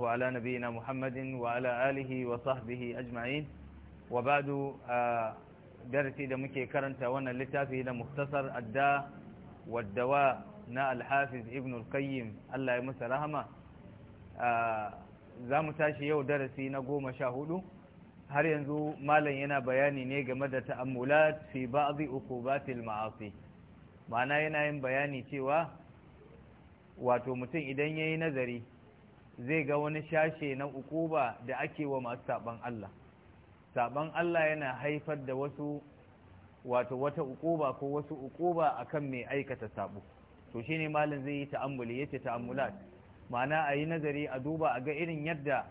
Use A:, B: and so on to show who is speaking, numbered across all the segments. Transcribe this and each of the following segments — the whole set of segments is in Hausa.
A: وعلى نبينا محمد وعلى آله وصحبه أجمعين وبعد درسي دا مكي كرنت وانا لتافي دا مختصر الداء والدواء نا الحافظ ابن القيم الله يمس رحمة za mu tashi yau darasi na goma sha hudu har yanzu malam yana bayani ne game da ta'ammulat fi ba'dhi uqubatil ma'ana yana yin bayani cewa wato mutum idan yayi nazari zai ga wani shashe na ukuba da ake wa masu saban Allah saban Allah yana haifar da wasu wato wata ukuba ko wasu ukuba akan mai aikata saɓo. to shine malam zai yi ta'ammuli yace ta'ammulat ma'ana a yi nazari a duba a ga irin yadda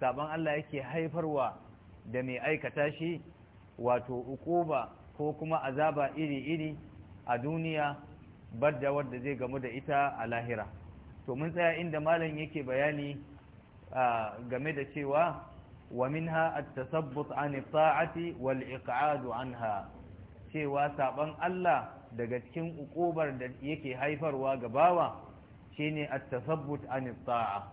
A: saban Allah yake haifarwa da mai aikata shi wato ukuba ko kuma azaba iri-iri a duniya badda wadda zai gamu da ita a lahira to mun tsaya inda malam yake bayani game da cewa wa minha at-tasabbut an ta'ati wal iqad anha cewa saban Allah daga cikin ukubar da yake haifarwa ga bawa shine at-tasabbut an ta'a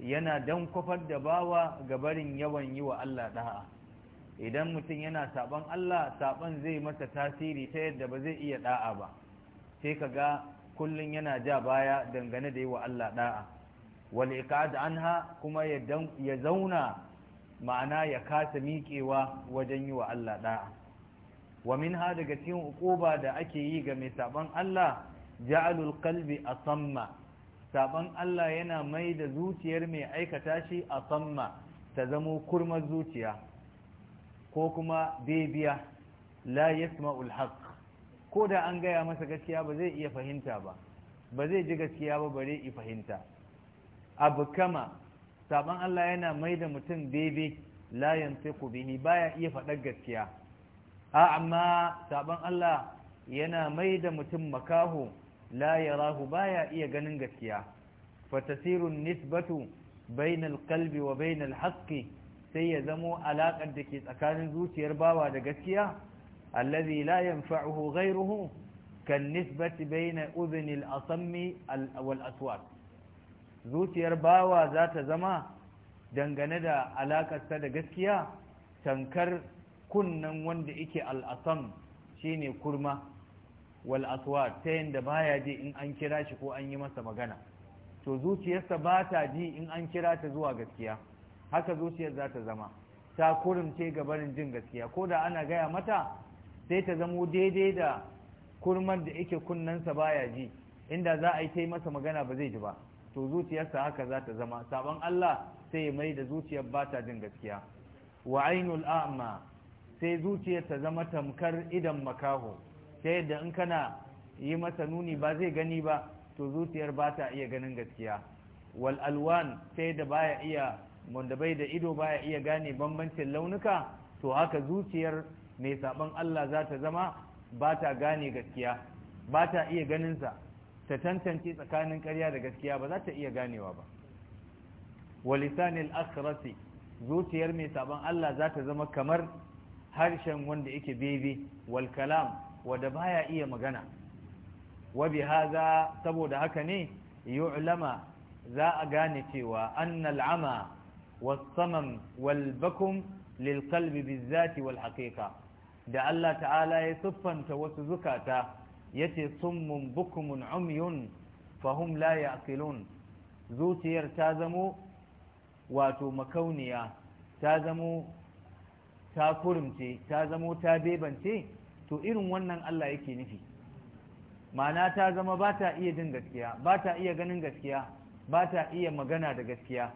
A: yana dan kwafar da bawa ga barin yawan yi wa Allah da'a idan mutum yana saban Allah saban zai masa tasiri ta yadda ba zai iya da'a ba sai kaga kullum yana ja baya dangane da yi wa Allah da'a wal iqad anha kuma ya zauna ma'ana ya kasa miƙewa wajen yi wa Allah da'a wa minha daga cikin uquba da ake yi ga mai saban Allah ja'alul qalbi asamma saban Allah yana mai da zuciyar mai aikata shi asamma ta zamo kurmar zuciya ko kuma bebiya la yasma'ul haqq ko da an gaya masa gaskiya ba zai iya fahimta ba ba zai ji gaskiya ba bare i fahimta abu kama saban Allah yana mai da mutum daidai la yantiqu bihi baya iya faɗar gaskiya a amma saban Allah yana mai da mutum makaho la yarahu baya iya ganin gaskiya fatasirun nisbatu bainal qalbi wa bainal haqqi sai ya zamo alaƙar da ke tsakanin zuciyar bawa da gaskiya الذي لا gairuhu kan nisbati baina أذن الأصم والأسواق zuciyar bawa za ta zama dangane da alakarsa da gaskiya tankar kunnen wanda ake al'asam shine kurma wal ta yadda baya ji in an kira shi ko an yi masa magana to zuciyarsa ba ta ji in an kira ta zuwa gaskiya haka zuciyar za ta zama ta kurumce gabanin jin gaskiya ko da ana gaya mata sai ta zamo daidai da kurman da yake kunnansa baya ji inda za a yi ta masa magana ba zai ji ba to zuciyarsa haka za ta zama sabon Allah sai ya mai da zuciyar ba ta jin gaskiya wa ainul a'ma sai zuciyar ta zama tamkar idan makaho sai da in kana yi masa nuni ba zai gani ba to zuciyar ba ta iya ganin gaskiya wal alwan sai da baya iya wanda bai da ido baya iya gane bambancin launuka to haka zuciyar mai saban Allah za ta zama ba ta gane gaskiya ba ta iya ganinsa ta tantance tsakanin ƙarya da gaskiya ba za ta iya ganewa ba walisanil akhrasi zuciyar mai saban Allah za ta zama kamar harshen wanda yake bebe wal kalam wanda baya iya magana wa bi haza saboda haka ne yu'lama za a gane cewa annal ama was samam wal bakum lil qalbi bizati wal haqiqa da Allah ta'ala ya siffanta wasu zukata yace summun bukumun umyun fahum la yaqilun zuciyar ta zamo wato makauniya ta zamo ta kurumce ta zamo ta bebance to irin wannan Allah yake nufi ma'ana ta zama ba ta iya jin gaskiya ba ta iya ganin gaskiya ba ta iya magana da gaskiya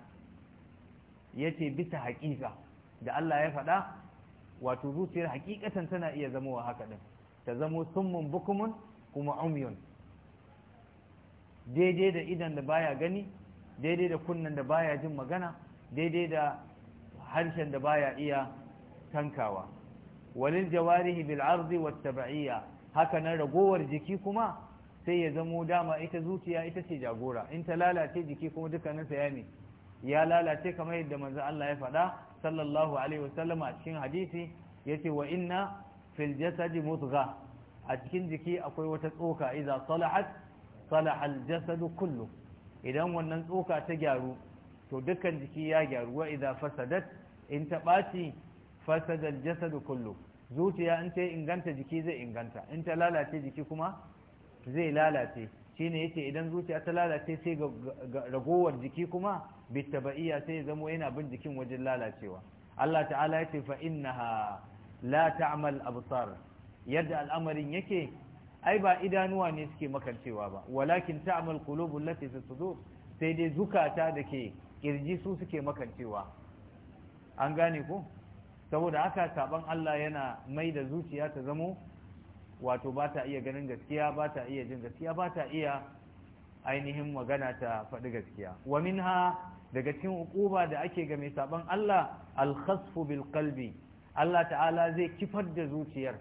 A: yace bisa haƙiƙa da Allah ya faɗa wato zuciyar hakikatan tana iya zamowa haka din ta zamo summun bukumun kuma umyun daidai da idan da baya gani daidai da kunnan da baya jin magana daidai da harshen da baya iya tankawa walil jawarihi bil ardi wat tab'iyya haka nan ragowar jiki kuma sai ya zamo dama ita zuciya ita ce jagora in ta lalace jiki kuma dukkanin sa ya ne ya lalace kamar yadda manzo Allah ya faɗa sallallahu alaihi wasallam a cikin hadisi yace wa inna fil jasadi mudgha a cikin jiki akwai wata tsoka idza salahat salaha al jasad kullu idan wannan tsoka ta gyaru to dukkan jiki ya gyaru wa idza fasadat in ta baci fasada al jasad kullu zuciya in ta inganta jiki zai inganta in ta lalace jiki kuma zai lalace shine yace idan zuciya ta lalace sai ga ragowar jiki kuma bitabaiya sai zamo yana bin jikin wajen lalacewa Allah ta'ala yace fa innaha la ta'mal absar yadda al'amarin yake ai ba idanuwa ne suke makancewa ba walakin ta'mal qulubul lati fi sudur sai dai zukata dake kirji su suke makancewa an gane ko saboda haka saban Allah yana mai da zuciya ta zamo wato ba ta iya ganin gaskiya ba ta iya jin gaskiya ba ta iya ainihin magana ta faɗi gaskiya wa minha daga cikin uquba da ake ga mai saban Allah al-khasfu bil qalbi Allah ta'ala zai kifar da zuciyar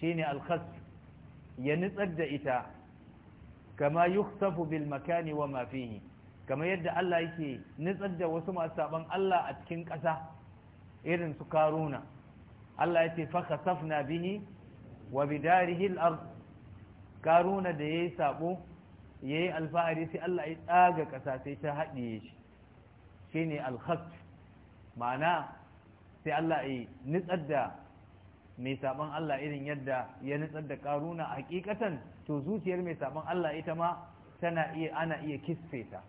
A: shine al-khasf ya nitsar da ita kama yukhsafu bil makani wa ma fihi kamar yadda Allah yake nitsar da wasu masu saban Allah a cikin ƙasa irin su karuna Allah ya ce fa khasafna bihi wa bidarihi al-ard karuna da yayi sabo yayi alfa'ari sai Allah ya tsaga kasa sai ta haɗiye shi shine al-khat ma'ana sai Allah ya nitsar da mai saban Allah irin yadda ya nitsar da karuna hakikatan to zuciyar mai saban Allah ita ma tana iya ana iya kisfe ta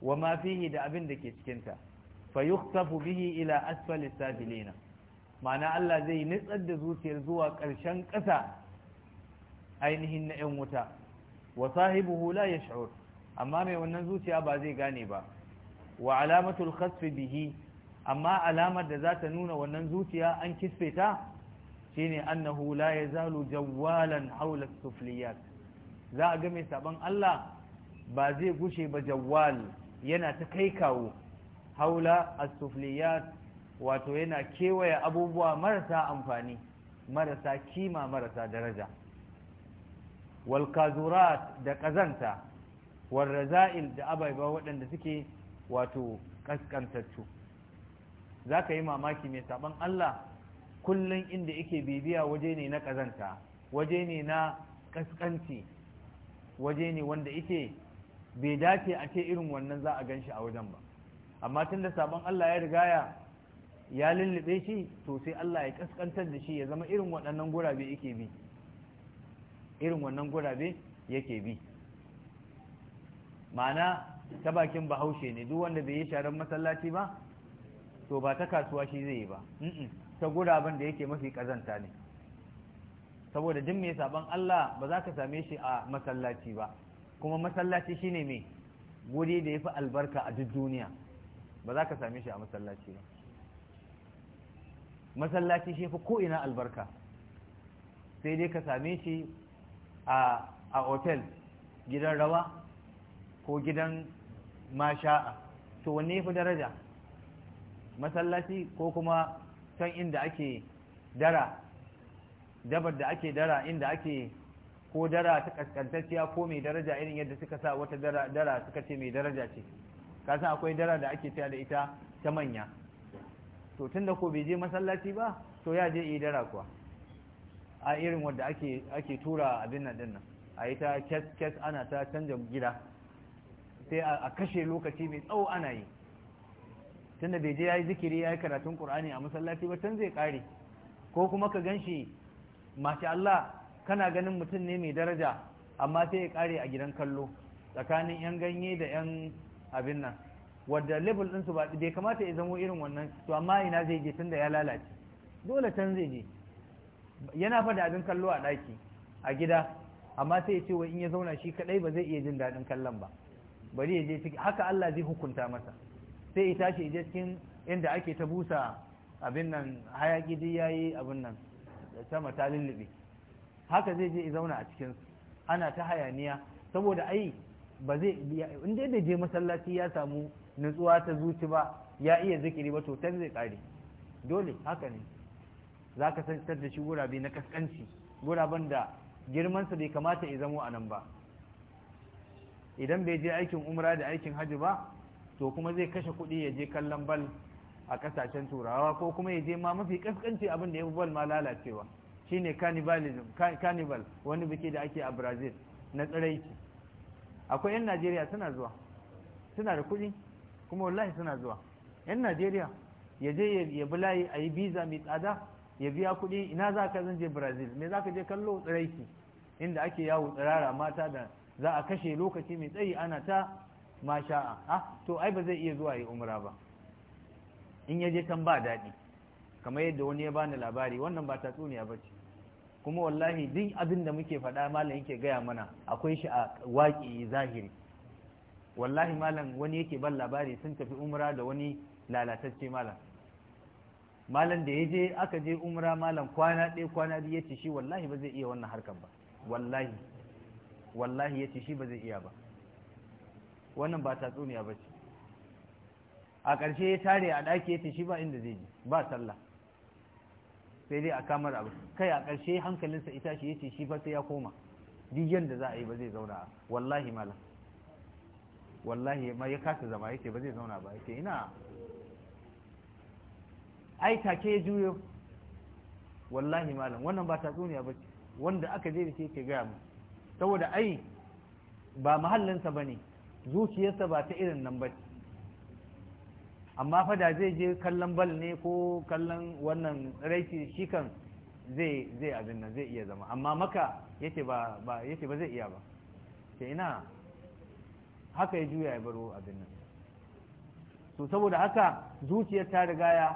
A: wa ma fihi da abin da ke cikinta fa yuktafu bihi ila asfalis safilina ma'ana Allah zai nitsar da zuciyar zuwa ƙarshen ƙasa ainihin na 'yan wuta wa hula ya yash'ur amma mai wannan zuciya ba zai gane ba wa alamatul khasfi bihi amma alamar da za ta nuna wannan zuciya an kisfe ta na hula ya yazalu jawwalan haula sufliyat za a ga mai saban Allah ba zai gushe ba jawwal yana ta kai kawo haula as-sufliyat wato yana kewaye abubuwa marasa amfani marasa kima marasa daraja walkazurat da ƙazanta warraza'il da ababa waɗanda suke wato ƙasƙantattu za ka yi mamaki mai saban Allah kullum inda yake bibiya waje ne na ƙazanta waje ne na ƙasƙanci waje ne wanda yake bai dace a ce irin wannan za a ganshi a wajen ba amma tunda da Allah ya rigaya ya lullube shi to sai Allah ya kaskantar da shi ya zama irin waɗannan gurabe yake bi irin wannan gurabe yake bi ma'ana ta bakin bahaushe ne duk wanda bai yi sharan masallaci ba to ba ta kasuwa shi zai yi ba ta guraben da yake mafi kazanta ne saboda duk mai sabon Allah ba za ka same shi a masallaci ba kuma masallaci shine mai guri da ya fi albarka a duk duniya ba za ka same shi a masallaci ba masallaci shi fi ko'ina albarka sai dai ka same shi a otel gidan rawa ko gidan masha'a to wanne fi daraja masallaci ko kuma can inda ake dara dabar da ake dara inda ake ko dara ta kaskantacciya ko mai daraja irin yadda suka sa wata dara suka ce mai daraja ce kasan akwai dara da ake cewa da ita ta manya to tunda ko bai je masallaci ba to ya je idara kuwa a irin wanda ake ake tura abin nan din nan a yi ta kes kes ana ta canja gida sai a kashe lokaci mai tsawo ana yi tunda bai je ya yi zikiri ya yi karatun ƙur'ani a masallaci ba can zai ƙare ko kuma ka gan shi masha Allah kana ganin mutum ne mai daraja amma sai ya kare a gidan kallo tsakanin 'yan ganye da 'yan abin nan wadda level ɗinsu ba bai kamata ya zama irin wannan to amma ina zai je tunda ya lalace dole can zai je yana fa da abin kallo a ɗaki a gida amma sai ya ce wai in ya zauna shi kaɗai ba zai iya jin daɗin kallon ba bari ya je ciki haka Allah zai hukunta masa sai ya tashi ya je cikin inda ake ta busa abin nan hayaki duk yayi abin nan sama ta lullube haka zai je ya zauna a cikin ana ta hayaniya saboda ai ba zai inda da je masallaci ya samu nutsuwa ta zuci ba ya iya zikiri ba to tan zai kare dole haka ne za ka san da shi gurabe na kaskanci guraben da girmansa bai kamata ya zamo a nan ba idan bai je aikin umra da aikin hajji ba to kuma zai kashe kuɗi ya je kallon bal a ƙasashen turawa ko kuma ya je ma mafi kaskanci abin da ya fi bal ma lalacewa shine cannibalism cannibal wani biki da ake a brazil na tsiraici akwai 'yan najeriya suna zuwa suna da kuɗi kuma wallahi suna zuwa yan najeriya ya je ya bi layi a yi biza mai tsada ya biya kuɗi ina za ka zan je brazil me za ka je kallo tsiraiki inda ake yawo tsirara mata da za a kashe lokaci mai tsayi ana ta masha'a ah to ai ba zai iya zuwa yi umra ba in ya je can ba daɗi kamar yadda wani ya bani labari wannan ba tatsuniya ba ce kuma wallahi duk abin da muke faɗa malam yake gaya mana akwai shi a waƙi zahiri wallahi malam wani yake ban labari sun tafi umra da wani lalatacce malam malam da ya je aka je umra malam kwana ɗaya kwana biyu ya ce shi wallahi ba zai iya wannan harkan ba wallahi wallahi ya ce shi ba zai iya ba wannan ba tatsuniya ba ce a ƙarshe ya tare a ɗaki ya ce shi ba inda zai ji ba sallah sai dai a kamar abu kai a ƙarshe hankalinsa ita shi ya ce shi ba sai ya koma duk yadda za a yi ba zai zauna wallahi malam wallahi ma ya kasa zama yake ba zai zauna ba yake ina ai take ya juyo wallahi malam wannan ba tatsuniya ba ce wanda aka je da shi yake gaya mu saboda ai ba mahallinsa ba ne zuciyarsa ba ta irin nan ba amma fa da zai je kallon bal ne ko kallon wannan raiki shi kan zai zai abin nan zai iya zama amma maka yake ba ba ba zai iya ba ke ina haka ya juya ya baro abin nan to saboda haka zuciyar ta riga ya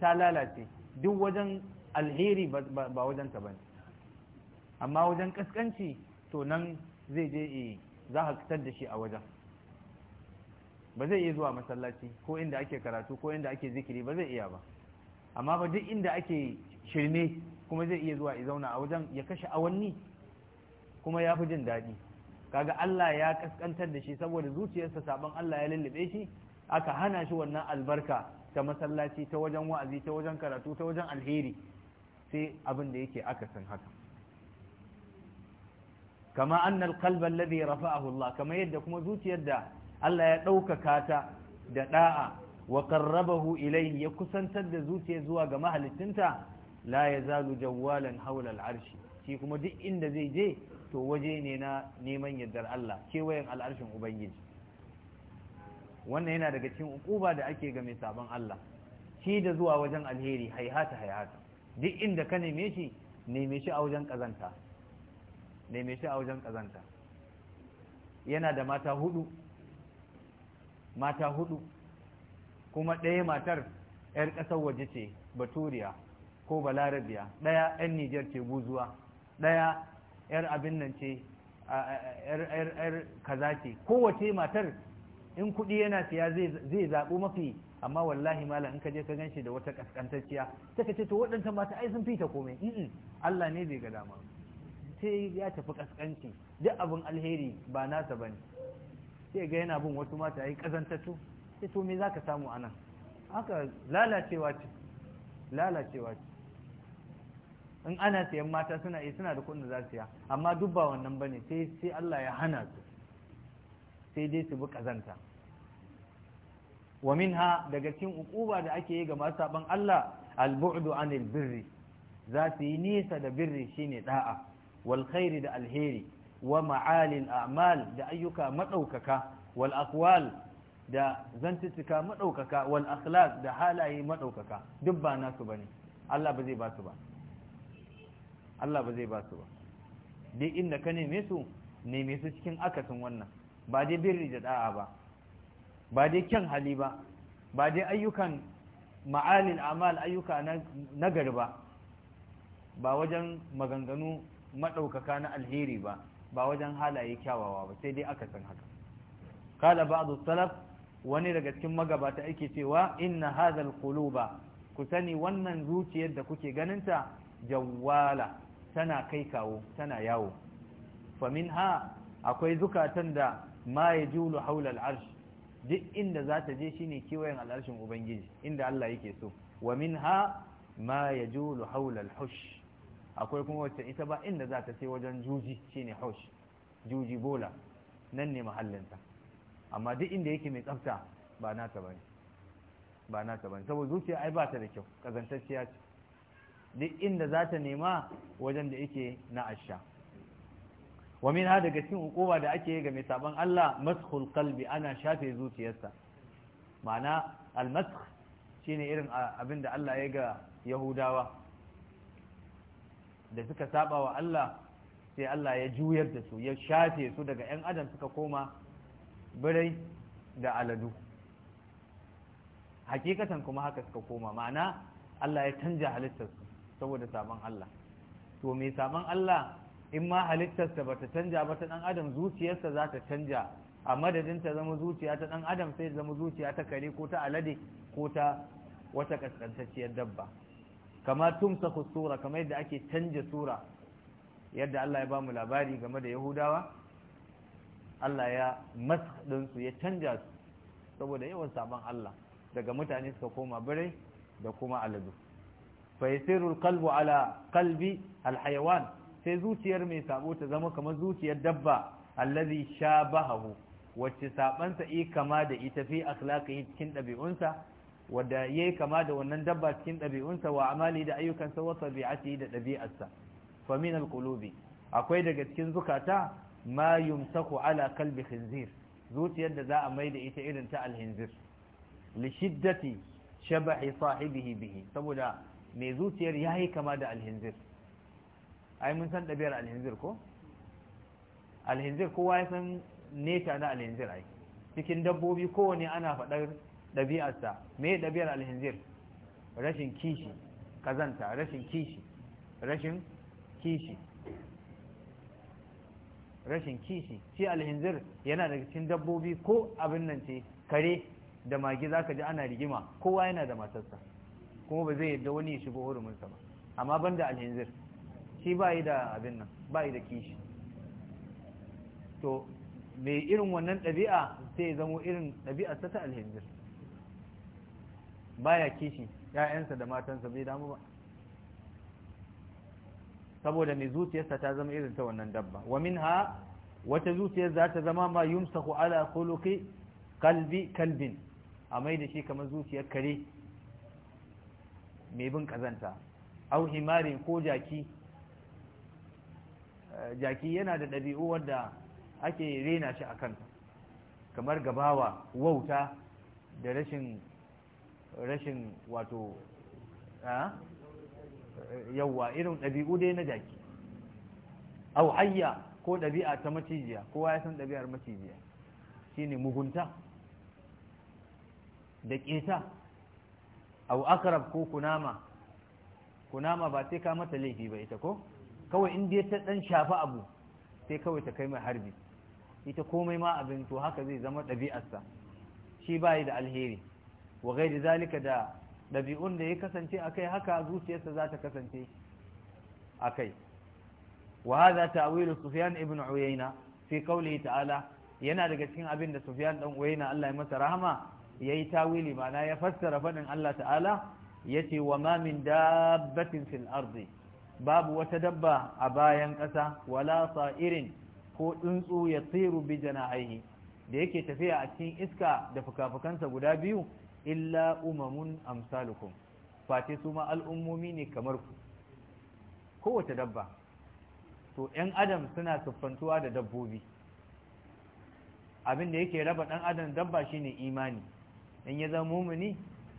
A: ta lalace duk wajen alheri ba wajen ta bane amma wajen kaskanci to nan zai je e za ka fitar da shi a wajen ba zai iya zuwa masallaci ko inda ake karatu ko inda ake zikiri ba zai iya ba amma ba duk inda ake shirme kuma zai iya zuwa ya zauna a wajen ya kashe awanni kuma ya fi jin daɗi kaga Allah ya kaskantar da shi saboda zuciyarsa saban Allah ya lullube shi aka hana shi wannan albarka ta masallaci ta wajen wa'azi ta wajen karatu ta wajen alheri sai abin da yake akasin haka kama annal qalba alladhi rafa'ahu Allah kama yadda kuma zuciyar da Allah ya ɗaukaka ta da da'a wa qarrabahu ilayhi ya kusantar da zuciyar zuwa ga mahalicinta la yazalu jawwalan hawla al'arshi shi kuma duk inda zai je to waje ne na neman yardar Allah kewayen al'arshin ubangiji wannan yana daga cikin ukuba da ake ga mai sabon Allah shi da zuwa wajen alheri haihata haihata duk inda ka neme shi neme shi a wajen kazanta neme shi a wajen kazanta yana da mata hudu mata hudu kuma ɗaya matar 'yar ƙasar waje ce baturiya ko balarabiya ɗaya 'yan nijar ce guzuwa ɗaya yar abin nan ce yar kaza ce kowace matar in kuɗi yana siya zai zaɓo mafi amma wallahi malam in ka je ka ganshi da wata kaskantacciya sai ka ce to waɗanta mata ai sun fita komai in Allah ne zai ga dama sai ya tafi kaskanci duk abin alheri ba nasa bane sai ga yana bin wasu mata ai kazantatu sai to me zaka samu anan haka lalacewa ce lalacewa ce in ana sayan mata suna iya suna da kuɗin da za su ya amma duk ba wannan bane sai sai Allah ya hana su sai dai su bi kazanta wa minha daga cikin ukuba da ake yi ga masu saban Allah al-bu'du anil birri za su yi nisa da birri shine da'a wal khairi da alheri wa ma'alil a'mal da ayyuka madaukaka wal aqwal da zantuttuka madaukaka wal akhlaq da halaye madaukaka duk ba nasu bane Allah ba zai ba su ba Allah ba zai ba su ba dai inda ka neme su neme su cikin akasin wannan ba dai birri da da'a ba ba dai kyan hali ba ba dai ayyukan ma'alin amal ayyuka na gari ba ba wajen maganganu maɗaukaka na alheri ba ba wajen halaye kyawawa ba sai dai akasin haka kala a salaf wani daga cikin magabata ake cewa inna hadal quluba ku sani wannan zuciyar da kuke ganinta jawwala tana kai kawo tana yawo famin ha akwai zukatan da ma ya julu haula al'arsh duk inda za ta je shine kiwayen al'arshin ubangiji inda Allah yake so wa min ha ma ya julu haula akwai kuma wacce ita ba inda za ta sai wajen juji shine hush juji bola nan ne mahallinta amma duk inda yake mai tsafta ba ta bane ba ta bane saboda zuciya ai ba ta da kyau kazantacciya ce duk inda za ta nema wajen da yake na asha wa min ha daga cikin hukuma da ake ga mai saban Allah mashul qalbi ana shafe zuciyarsa ma'ana al-masakh shine irin abin da Allah ya ga Yahudawa da suka saba wa Allah sai Allah ya juyar da su ya shafe su daga 'yan adam suka koma birai da aladu hakikatan kuma haka suka koma ma'ana Allah ya canja halittarsu saboda sabon Allah to mai sabon Allah in ma halittarsa ba ta canja ba ta ɗan adam zuciyarsa za ta canja a madadin ta zama zuciya ta ɗan adam sai zama zuciya ta kare ko ta alade ko ta wata kaskantacciyar dabba kama tumsaku sura kama yadda ake canja sura yadda Allah ya ba mu labari game da Yahudawa Allah ya ɗinsu ya canja su saboda yawan sabon Allah daga mutane suka koma birai da kuma aladu faisirul kalbu qalbu ala al sai zuciyar mai sabo ta zama kamar zuciyar dabba allazi shabahu wacce sabansa yi kama da ita fi akhlaqihi cikin dabi'unsa wanda yayi kama da wannan dabba cikin dabi'unsa wa amali da ayyukan wa tabi'ati da dabi'arsa fa min al akwai daga cikin zukata ma yumsaku ala kalbi khinzir zuciyar da za a mai da ita irin ta alhinzir li shiddati shabahi sahibihi bihi saboda mai zuciyar ya yi kama da alhinzir ai mun san ɗabi'ar alhinzir ko alhinzir kowa ya san neta na alhinzir ai cikin dabbobi kowane ana faɗar ɗabi'arsa me ɗabi'ar alhinzir rashin kishi kazanta rashin kishi rashin kishi rashin kishi shi alhinzir yana daga cikin dabbobi ko abin nan ce kare da magi za ka ji ana rigima kowa yana da matarsa kuma ba zai yadda wani ya shigo huruminsa ba amma ban da alhinzir shi ba yi da abin nan ba yi da kishi to mai irin wannan ɗabi'a sai ya zamo irin ɗabi'a ta alhinzir baya kishi ‘ya'yansa da matansa bai damu ba saboda mai zuciyarsa ta zama irin ta wannan dabba wa min ha wata zuciyar za ta zama ma ku ala khuluqi kalbi kalbin a mai da shi kamar zuciyar kare mai bin kazanta au himarin ko jaki eh, jaki yana da ɗabi'u wadda ake rena shi a kanta kamar gabawa wauta da rashin rashin wato yawwa irin ɗabi'u dai na jaki au hayya ko ɗabi'a ta macijiya kowa ya san ɗabi'ar macijiya shine mugunta da ƙeta Abu akarab ko kunama kunama ba sai ka mata laifi ba ita ko kawai in dai ta dan shafa abu sai kawai ta kai mai harbi ita komai ma abin to haka zai zama ɗabi'arsa shi bayi da alheri wa gaida zalika da ɗabi'un da ya kasance akai haka zuciyarsa za ta kasance akai wa ta ta'wilu sufyan ibn uyayna fi qawlihi ta'ala yana daga cikin abin da sufyan dan uyayna Allah ya masa rahama yayi tawili ma'ana ya fassara faɗin Allah ta'ala yace wa ma min dabbatin fil ardi babu wata dabba a bayan ƙasa wala sa'irin ko tsuntsu ya tsiru bi jana'ihi da yake tafiya a cikin iska da fukafukansa guda biyu illa umamun amsalukum Fati su ma al'ummomi ne kamar ku kowace dabba to ‘yan adam suna siffantuwa da dabbobi abin da yake raba ɗan adam dabba shine imani in ya zama mumini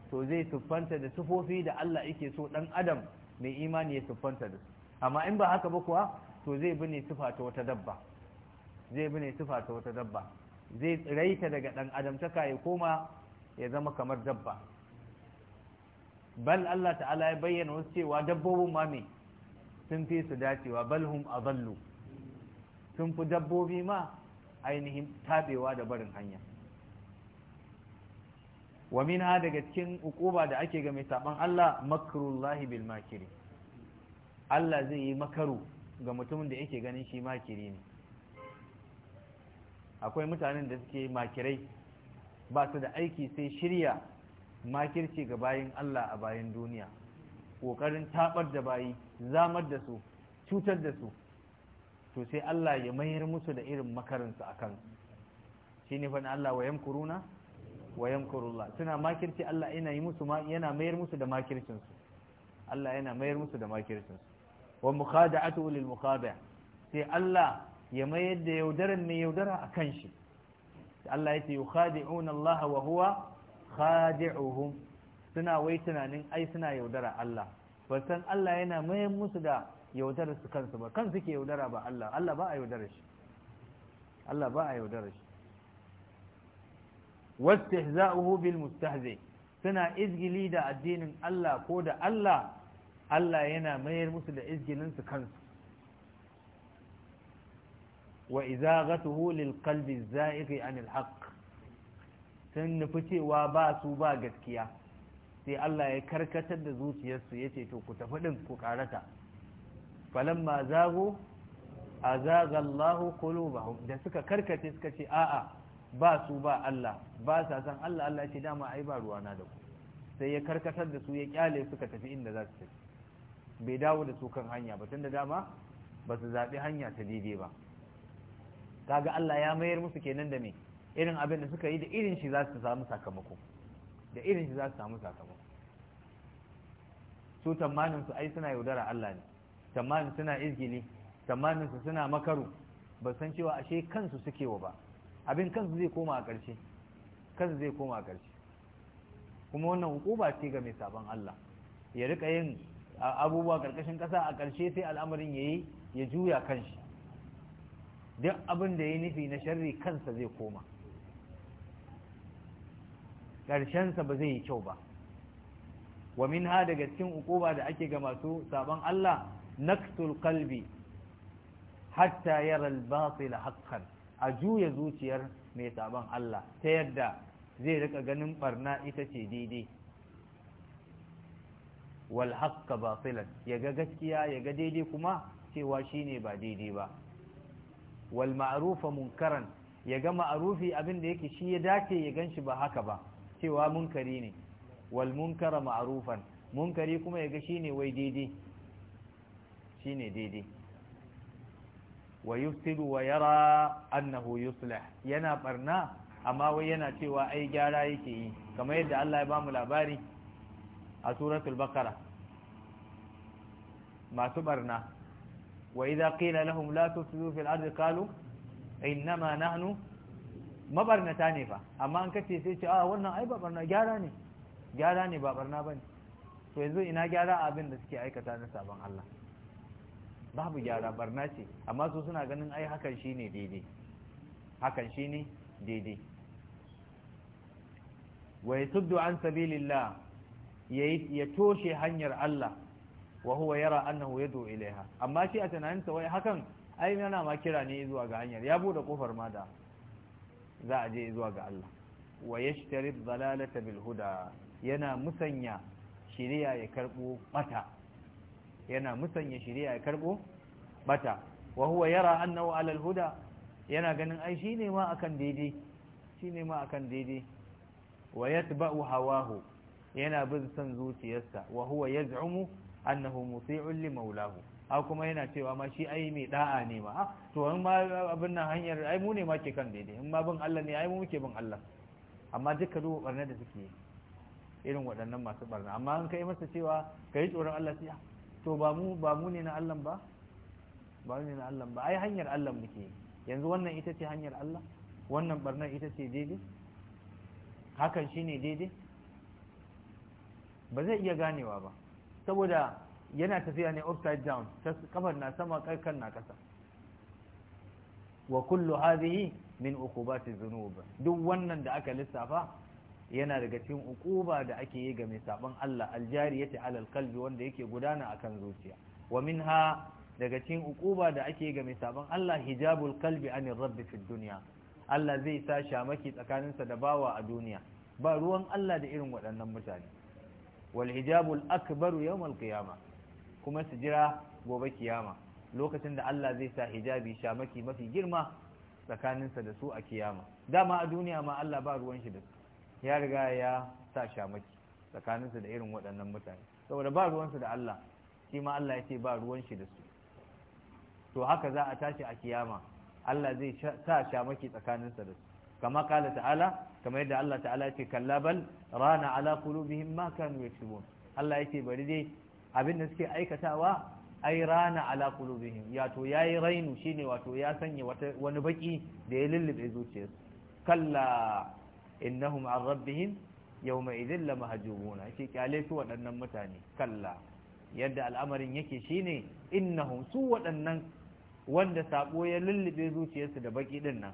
A: to zai siffanta da sufofi da Allah yake so dan adam mai imani ya siffanta da su amma in ba haka ba kuwa to zai bi ne sifa ta wata dabba zai bi ne sifa ta wata dabba zai tsiraita daga dan adam ta ya koma ya zama kamar dabba bal Allah ta'ala ya bayyana wasu cewa dabbobin ma me sun fi su dacewa bal hum adallu sun fi dabbobi ma ainihin tabewa da barin hanya wa ha daga cikin ukuba da ake ga mai saban Allah makrullahi bil makiri Allah zai yi makaru ga mutumin da yake ganin shi makiri ne akwai mutanen da suke makirai ba su da aiki sai shirya makirci ga bayin Allah a bayan duniya ƙoƙarin tabar da bayi zamar da su cutar da su to sai Allah ya mayar musu da irin makarinsu a kan shi ne faɗin Allah wa yamkuruna wa yamkurullah suna makirci Allah yana yi musu yana mayar musu da makircin su Allah yana mayar musu da makircin su wa mukhada'atu lil mukhada' sai Allah ya mayar da yaudaran mai yaudara akan shi Allah yace yukhadi'una Allah wa huwa khadi'uhum suna wai tunanin ai suna yaudara Allah ba san Allah yana mayar musu da yaudarar su kansu ba kansu ke yaudara ba Allah Allah ba a yaudara shi Allah ba a yaudara shi wastihza'uhu bil mustahzi suna izgili da addinin Allah ko da Allah Allah yana mayar musu da izgilin su kansu wa izaghatuhu lil qalbi za'iqi anil haqq sun nufi cewa ba su ba gaskiya sai Allah ya karkatar da zuciyarsu ya ce to ku tafi ɗin ku karata falamma zago a zagallahu kulubahum da suka karkace suka ce a'a ba su ba Allah ba sa san Allah Allah ce dama ai ba ruwana da ku sai ya karkatar da su ya kyale suka tafi inda za su tafi bai dawo da su kan hanya ba tunda dama ba su zaɓi hanya ta daidai ba kaga Allah ya mayar musu kenan da me irin abin da suka yi da irin shi za su samu sakamako da irin shi za su samu sakamako su tamanin su ai suna yaudara Allah ne tamanin suna izgili tamanin su suna makaru ba san cewa ashe kansu suke wa ba abin kansu zai koma a ƙarshe kansu zai koma a ƙarshe kuma wannan hukuma ce ga mai sabon Allah ya rika yin abubuwa ƙarƙashin ƙasa a ƙarshe sai al'amarin ya yi ya juya kanshi duk abin da ya nufi na sharri kansa zai koma ƙarshensa ba zai yi kyau ba wa min ha daga cikin ukuba da ake ga masu sabon Allah naktul kalbi. hatta yara al-batil a juya zuciyar mai sabon Allah ta yadda zai rika ganin barna ita ce daidai wal haqqa batilan ya ga gaskiya ya ga daidai kuma cewa shine ba daidai ba wal ma'rufa munkaran ya ga ma'rufi abin da yake shi ya dace ya ganshi ba haka ba cewa munkari ne wal munkara ma'rufan munkari kuma ya ga shine wai daidai shine daidai wa yusiru wa yara annahu yuslah yana barna amma wai yana cewa ai gyara yake yi kamar yadda Allah ya bamu labari a suratul baqara masu barna wa idza qila lahum la tusiru fil ardi qalu innama nahnu mabarnata ne fa amma an kace sai ce a ah, wannan ai ba barna gyara ne gyara ne ba barna bane to yanzu ina gyara abin da suke aikata na sabon Allah babu gyara barna ce amma su suna ganin ai hakan shine daidai hakan shi ne daidai wa yasuddu an sabilillah ya toshe hanyar Allah wa huwa yara annahu yadu ilaiha amma shi a tunanin sa wai hakan ai yana ma kira ne zuwa ga hanyar ya bude kofar ma da za a je zuwa ga Allah wa yashtari dhalalata bil huda yana musanya shiriya ya karbo mata yana musanya shari'a ya karbo bata wa huwa yara annahu ala alhuda yana ganin ai shine ma akan daidai shine ma akan daidai wa yatba'u hawahu yana bin san zuciyarsa wa huwa yaz'umu annahu muti'un li maulahu a kuma yana cewa ma shi ai mai da'a ne ma ah, to in ma abin nan hanyar ai mu ne ma ke kan daidai in ma bin Allah ne ai mu muke bin Allah amma duka duba barna da suke irin waɗannan masu barna amma in kai masa cewa kai tsoron Allah sai ah, to ba mu ba mu ne na Allah ba ba ne na Allah ba ai hanyar Allah muke yanzu wannan ita ce hanyar Allah wannan barnar ita ce daidai hakan shi ne daidai ba zai iya ganewa ba saboda yana tafiya ne upside down kafar na sama kan na kasa wa kullu hadhihi min uqubati dhunub duk wannan da aka lissafa yana daga cikin ukuba da ake yi ga mai saban Allah aljariyati alal qalbi wanda yake gudana akan zuciya wa minha daga cikin ukuba da ake yi ga mai saban Allah hijabul qalbi anir rabbi fid dunya Allah zai sa shamaki tsakaninsa da bawa a duniya ba ruwan Allah da irin waɗannan mutane wal hijabul akbaru yawmal qiyama kuma su jira gobe kiyama lokacin da Allah zai sa hijabi shamaki mafi girma tsakaninsa da su a kiyama dama a duniya ma Allah ba ruwan shi da su ya riga ya sa shamaki tsakaninsu da irin waɗannan mutane saboda ba ruwansu da Allah shi ma Allah ya ce ba ruwan shi da su to haka za a tashi a kiyama Allah zai sa shamaki tsakaninsa da su kama kala ta'ala kamar yadda Allah ta'ala ce kallabal rana ala qulubihim ma kanu yaksubun Allah yake bari dai abin da suke aikatawa ai rana ala qulubihim ya to yayi rainu shine wato ya sanya wani baki da ya lullube zuciyarsu kalla innahum an rabbihim yawma idhin shi kyale su waɗannan mutane kalla yadda al'amarin yake shine innahum su waɗannan wanda sabo ya lullube zuciyarsu da baki din nan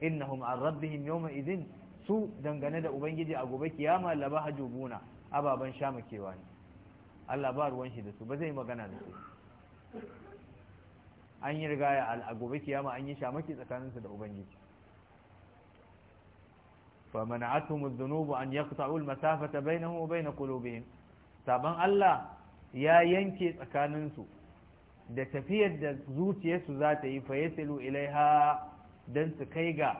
A: innahum an rabbihim yawma idhin su dangane da ubangiji a gobe kiyama lamahjubuna ababan shamakewa ne Allah ba ruwan shi da su ba zai magana da su an yi rigaya a gobe kiyama an yi shamaki tsakaninsu da ubangiji فمنعتهم الذنوب أن يقطعوا المسافة بينهم وبين قلوبهم saban Allah ya yanke tsakaninsu da tafiyar da zuciyarsu za ta yi fayasilu ilaiha don su kai ga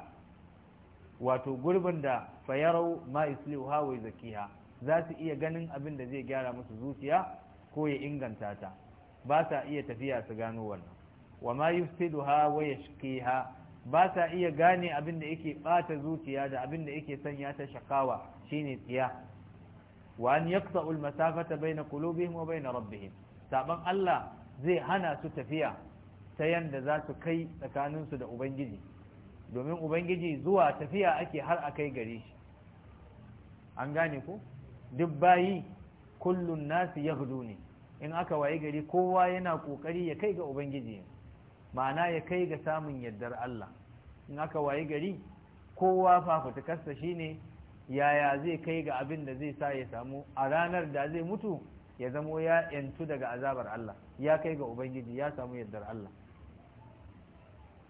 A: wato gurbin da fayarau ma isliha wa zakiha za su iya ganin abin da zai gyara musu zuciya ko ya inganta ta ba sa iya tafiya su gano wannan wa ma yufsiduha wa yashqiha ba sa iya gane abin da yake bata zuciya da abin da yake sanya ta shakawa shine tsiya wa an yaqta'u al-masafata bayna qulubihim wa bayna rabbihim saban Allah zai hana su tafiya ta yanda za su kai tsakanin su da ubangiji domin ubangiji zuwa tafiya ake har a kai gare shi an gane ku duk bayi kullun nasi yaghduni in aka waye gari kowa yana kokari ya kai ga ubangiji ma'ana ya kai ga samun yardar Allah in aka wayi gari kowa fafutukarsa shine yaya zai kai ga abin da zai sa ya samu a ranar da zai mutu ya zamo ya yantu daga azabar Allah ya kai ga ubangiji ya samu yardar Allah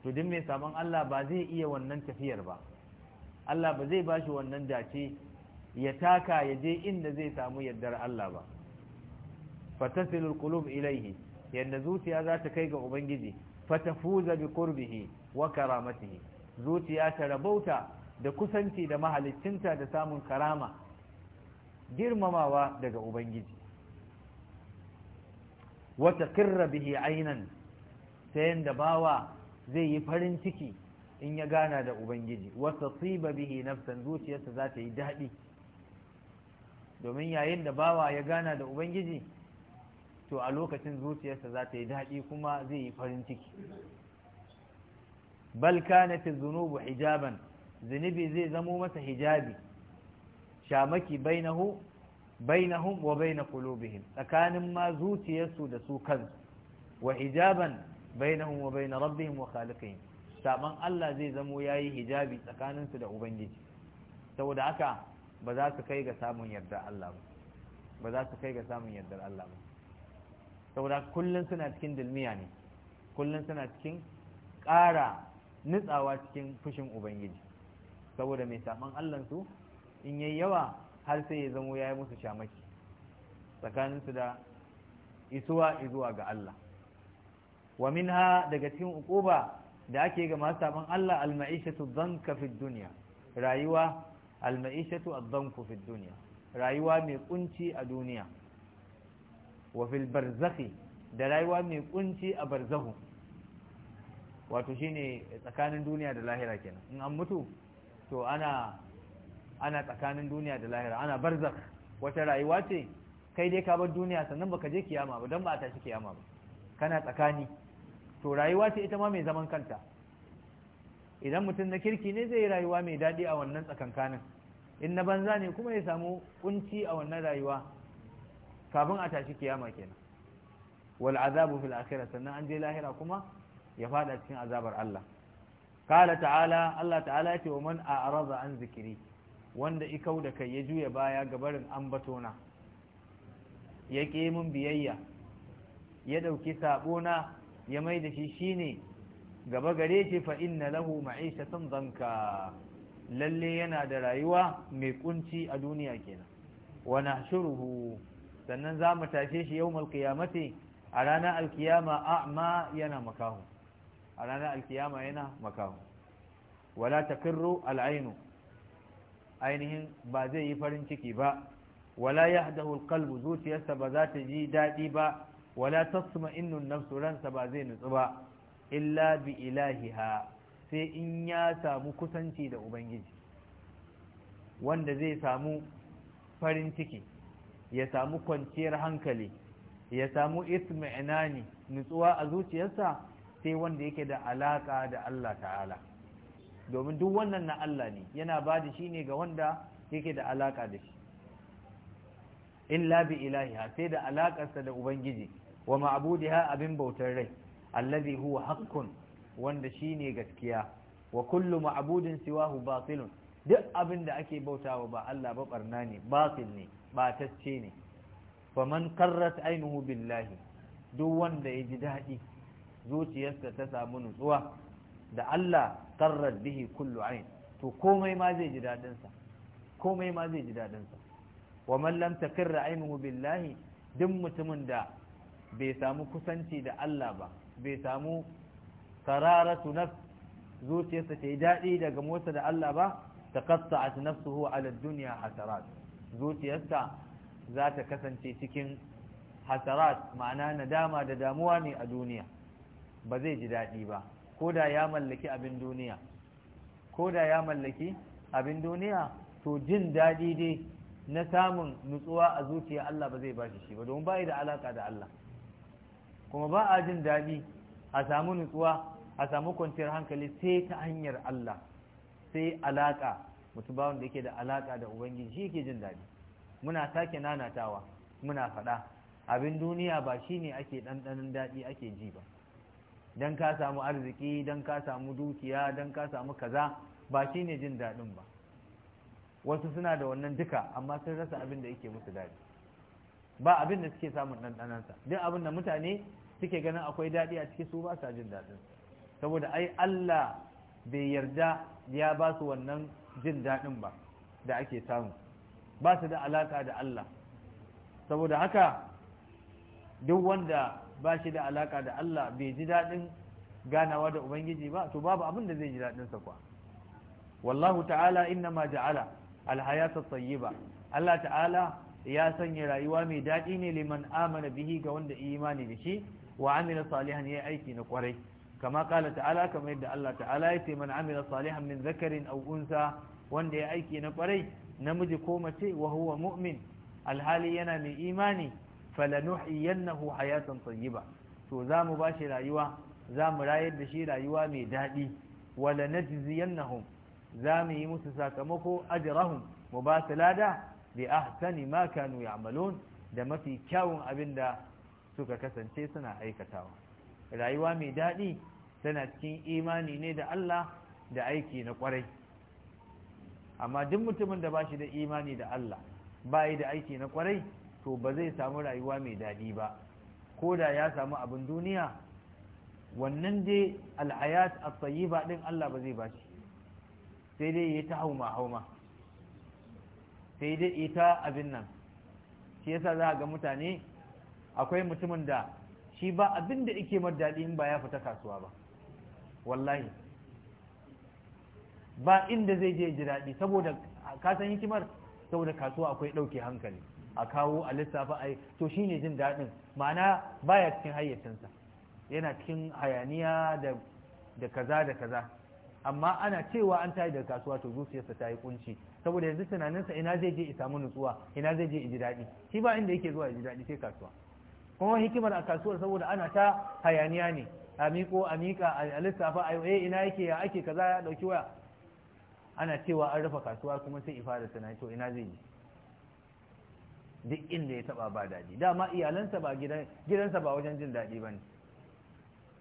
A: to din mai saman Allah ba zai iya wannan tafiyar ba Allah ba zai bashi wannan dace ya taka ya je inda zai samu yardar Allah ba fatasilul qulub ilaihi yadda zuciya za ta kai ga ubangiji fatafuza bi qurbihi wa karamatihi zuciya ta rabauta da kusanci da mahaliccinta da samun karama girmamawa daga ubangiji wa taqirra bihi aynan sayan da bawa zai yi farin ciki in ya gana da ubangiji wa tasiba bihi nafsan zuciyarsa za ta yi daɗi domin yayin da bawa ya gana da ubangiji to a lokacin zuciyarsa za ta yi daɗi kuma zai yi farin ciki bal kanat zunubu hijaban zunubi zai zamo masa hijabi shamaki bai na hun wa bai bain qulubihim tsakanin ma zuciyarsu da su kansu wa hijaban hun wa bai na rabbihim wa khaliqihim saban Allah zai zamo ya yi hijabi tsakaninsu da ubangiji saboda haka ba za su kai ga samun yardar Allah ba ba za su kai ga samun yardar Allah ba saboda kullum suna cikin dulmiya ne kullum suna cikin ƙara nutsawa cikin fushin ubangiji saboda mai saman allansu in yayi yawa har sai ya zamo ya yi musu shamaki tsakaninsu da isuwa izuwa ga Allah wa minha daga cikin ukuba da ake ga masu saman Allah almaishatu zan kafi fi rayuwa almaishatu maishatu fi rayuwa mai kunci a duniya wa fil barzakhi da rayuwa mai kunci a barzahu wato shine tsakanin duniya da lahira kenan in an mutu to ana ana tsakanin duniya da lahira ana barzakh wata rayuwa ce kai dai ka bar duniya sannan baka je kiyama ba dan ba a tashi kiyama ba kana tsakani to rayuwa ce ita ma mai zaman kanta idan mutum na kirki ne zai yi rayuwa mai daɗi a wannan tsakankanin in na banza ne kuma ya samu kunci a wannan rayuwa kafin a tashi kiyama kenan wal azabu fil akhirah sannan an je lahira kuma ya fada cikin azabar Allah kala ta'ala Allah ta'ala ce wa man a'rada an zikiri wanda ikau da kai ya juya baya ga barin ambatona ya ke mun biyayya ya dauki sabona ya mai da shi shine gaba gare shi fa inna lahu ma'ishatan zanka lalle yana da rayuwa mai kunci a duniya kenan wa nahshuruhu sannan za mu tashe shi yau qiyamati a ranar alkiyama A ma yana makahu a ranar alkiyama yana makahu wala takirru al'ainu ainihin ba zai yi farin ciki ba wala yahdahu alqalbu zuciyarsa ba za ta ji daɗi ba wala tasma innun nafsu ransa ba zai nutsu ba illa bi ilahiha sai in ya samu kusanci da ubangiji wanda zai samu farin ciki ya samu kwanciyar hankali ya samu itmi'nani nutsuwa a zuciyarsa sai wanda yake da alaka da Allah ta'ala domin duk wannan na Allah ne yana ba da shi ne ga wanda yake da alaka da shi illa bi ilahiha sai da alakarsa da ubangiji wa ma'budiha abin bautar rai allazi huwa haqqun wanda shine gaskiya wa kullu ma'abudin siwahu batilun duk abin da ake bautawa ba Allah ba barna ne batil ne batacce ne faman karrat ainihu billahi duk wanda ya ji daɗi zuciyarsa ta samu nutsuwa da Allah karrat bihi kullu ain to komai ma zai ji daɗinsa komai ma zai ji daɗinsa wa man lam takirra ainihu billahi duk mutumin da bai samu kusanci da Allah ba bai samu kararatu nafs zuciyarsa ta yi daɗi daga motsa da Allah ba taqatta'at nafsuhu ala dunya hasarat zuciyarsa za ta kasance cikin hasarat ma'ana nadama da damuwa ne a duniya ba zai ji daɗi ba ko da ya mallaki abin duniya ko da ya mallaki abin duniya to jin daɗi dai na samun nutsuwa a zuciya Allah ba zai bashi shi ba don ba da alaka da Allah kuma ba a jin daɗi a samu nutsuwa a samu kwanciyar hankali sai ta hanyar Allah sai alaka mutum bawon da yake da alaka da ubangiji shi yake jin daɗi muna sake nanatawa muna faɗa abin duniya ba shi shine ake ɗanɗanin daɗi ake ji ba don ka samu arziki don ka samu dukiya don ka samu kaza ba shi ne jin daɗin ba wasu suna da wannan duka amma sun rasa abin da yake musu daɗi ba abin da suke samun ɗanɗanansa duk abin da mutane suke ganin akwai daɗi a ciki su ba sa jin daɗin saboda ai Allah bai yarda ya ba su wannan jin daɗin ba da ake samu ba su da alaka da Allah saboda haka duk wanda ba shi da alaka da Allah bai ji daɗin ganawa da Ubangiji ba to babu abin da zai ji daɗin sa kuwa wallahu ta'ala inna ma ja'ala alhayata tayyiba Allah ta'ala ya sanya rayuwa mai daɗi ne liman amana bihi ga wanda imani da shi wa amila salihan yayi aiki na kwarai kama kala ta'ala kamar yadda Allah ta'ala ya ce mana amila saliha min zakarin aw unsa wanda ya aiki na kwarai namiji ko mace wa huwa mu'min alhali yana mai imani falanuhyiyannahu hayatan tayyiba to za mu ba shi rayuwa za mu rayar da shi rayuwa mai daɗi wala najziyannahum za mu yi musu sakamako ajrahum mu ba su lada bi ahsani ma kanu ya'malun da mafi kyawun abin da suka kasance suna aikatawa rayuwa mai daɗi tana cikin imani ne da Allah da aiki na kwarai amma duk mutumin da ba shi da imani da Allah ba da aiki na kwarai to ba zai samu rayuwa mai daɗi ba ko da ya samu abin duniya wannan dai al'ayat a tsayi ba ɗin Allah ba zai ba shi sai dai ya ta hauma hauma sai dai ita abin nan shi yasa za ga mutane akwai mutumin da shi ba abin da yake daɗi in ba ya fita kasuwa ba wallahi ba inda zai je ji daɗi saboda ka san hikimar saboda kasuwa akwai ɗauke hankali a kawo a lissafa a to shine jin daɗin ma'ana baya cikin hayyacinsa yana cikin hayaniya da kaza da kaza amma ana cewa an tayi daga kasuwa to zuciyarsa ta yi kunci saboda yanzu tunaninsa ina zai je samu nutsuwa ina zai je ji daɗi shi ba inda yake zuwa ji daɗi sai kasuwa kuma hikimar a kasuwar saboda ana ta hayaniya ne a miko a a lissafa a yau, eh, ina yake ya ake kaza ya dauki waya ana cewa an rufe kasuwa kuma sai ifada tana to ina zai yi duk inda ya taba ba daɗi dama iyalansa ba gidansa ba wajen jin daɗi ba ne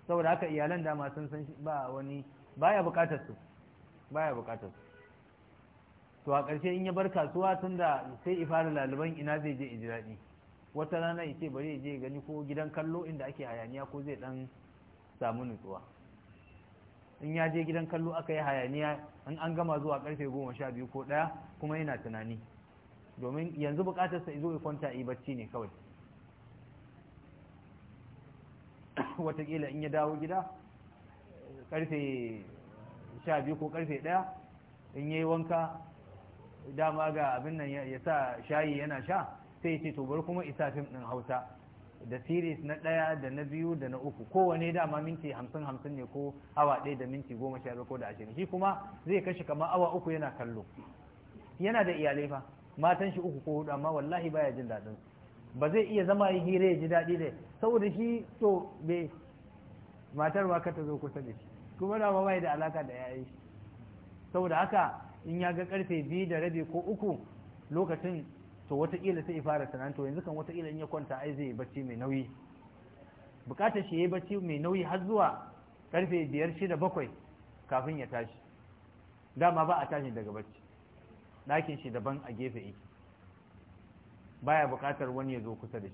A: saboda haka iyalan dama sun san ba wani baya bukatar su baya bukatar su to a ƙarshe in ya bar kasuwa tun da sai ifara laliban ina zai je ji daɗi wata rana ya ce bari ya je gani ko gidan kallo inda ake hayaniya ko zai dan samu nutsuwa in ya je gidan kallo aka yi hayaniya in an gama zuwa karfe goma sha biyu ko ɗaya kuma yana tunani domin yanzu bukatarsa izo ya kwanta yi bacci ne kawai watakila in ya dawo gida karfe sha biyu ko karfe ɗaya in yi wanka dama ga abin nan ya sa shayi yana sha sai ce to bari kuma isa fim ɗin hausa da series na ɗaya da na biyu da na uku kowane dama minti hamsin hamsin ne ko awa ɗaya da minti goma sha ko da ashirin shi kuma zai kashe kamar awa uku yana kallo yana da iyalai fa matan shi uku ko huɗu amma wallahi baya jin daɗin ba zai iya zama yi hira ya ji daɗi dai saboda shi to be matar ma ka ta zo kusa da shi kuma da ma da alaka da yayi saboda haka in ya ga karfe biyu da rabi ko uku lokacin to wataƙila sai ya fara tunanin to yanzu kan wataƙila in ya kwanta ai zai bacci mai nauyi bukatar shi ya bacci mai nauyi har zuwa karfe biyar shida bakwai kafin ya tashi dama ba a tashi daga bacci ɗakin shi daban a gefe yake baya bukatar wani ya zo kusa da shi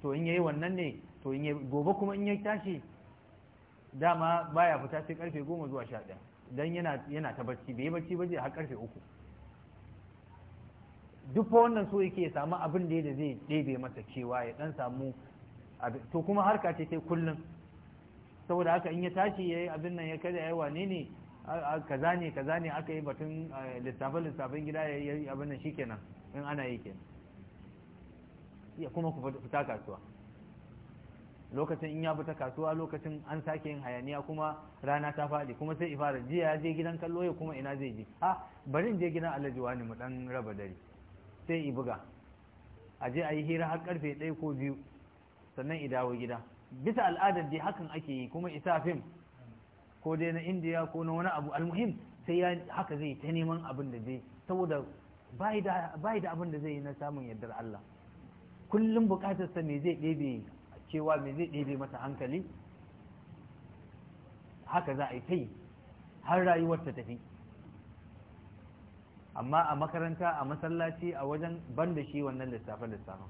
A: to in yayi wannan ne to in gobe kuma in ya tashi dama baya fita sai karfe goma zuwa sha ɗaya don yana ta bacci bai bacci ba zai har karfe uku duk fa wannan so yake samu abin da zai ɗebe masa cewa ya dan samu to kuma harka ce sai kullum saboda haka in ya tashi ya yi abin nan ya kada ya wane ne kaza ne kaza ne aka yi batun littafin littafin gida ya yi abin nan shikenan in ana yi kenan ya kuma ku fita kasuwa lokacin in ya fita kasuwa lokacin an sake yin hayaniya kuma rana ta faɗi kuma sai ifara jiya ya je gidan kallo ya kuma ina zai je ha bari in je gidan alhaji wani mu dan raba dare sai i buga a je a yi hira har karfe ɗaya ko biyu sannan i dawo gida bisa al'adar dai hakan ake yi kuma isa fim ko dai na indiya ko na wani abu almuhim sai ya haka zai ta neman abin da zai saboda bai da abin da zai yi na samun yardar Allah kullum bukatarsa me zai ɗebe cewa me zai ɗebe masa hankali haka za a yi ta har rayuwar ta tafi amma a makaranta a masallaci a wajen ban da shi wannan lissafin lissafin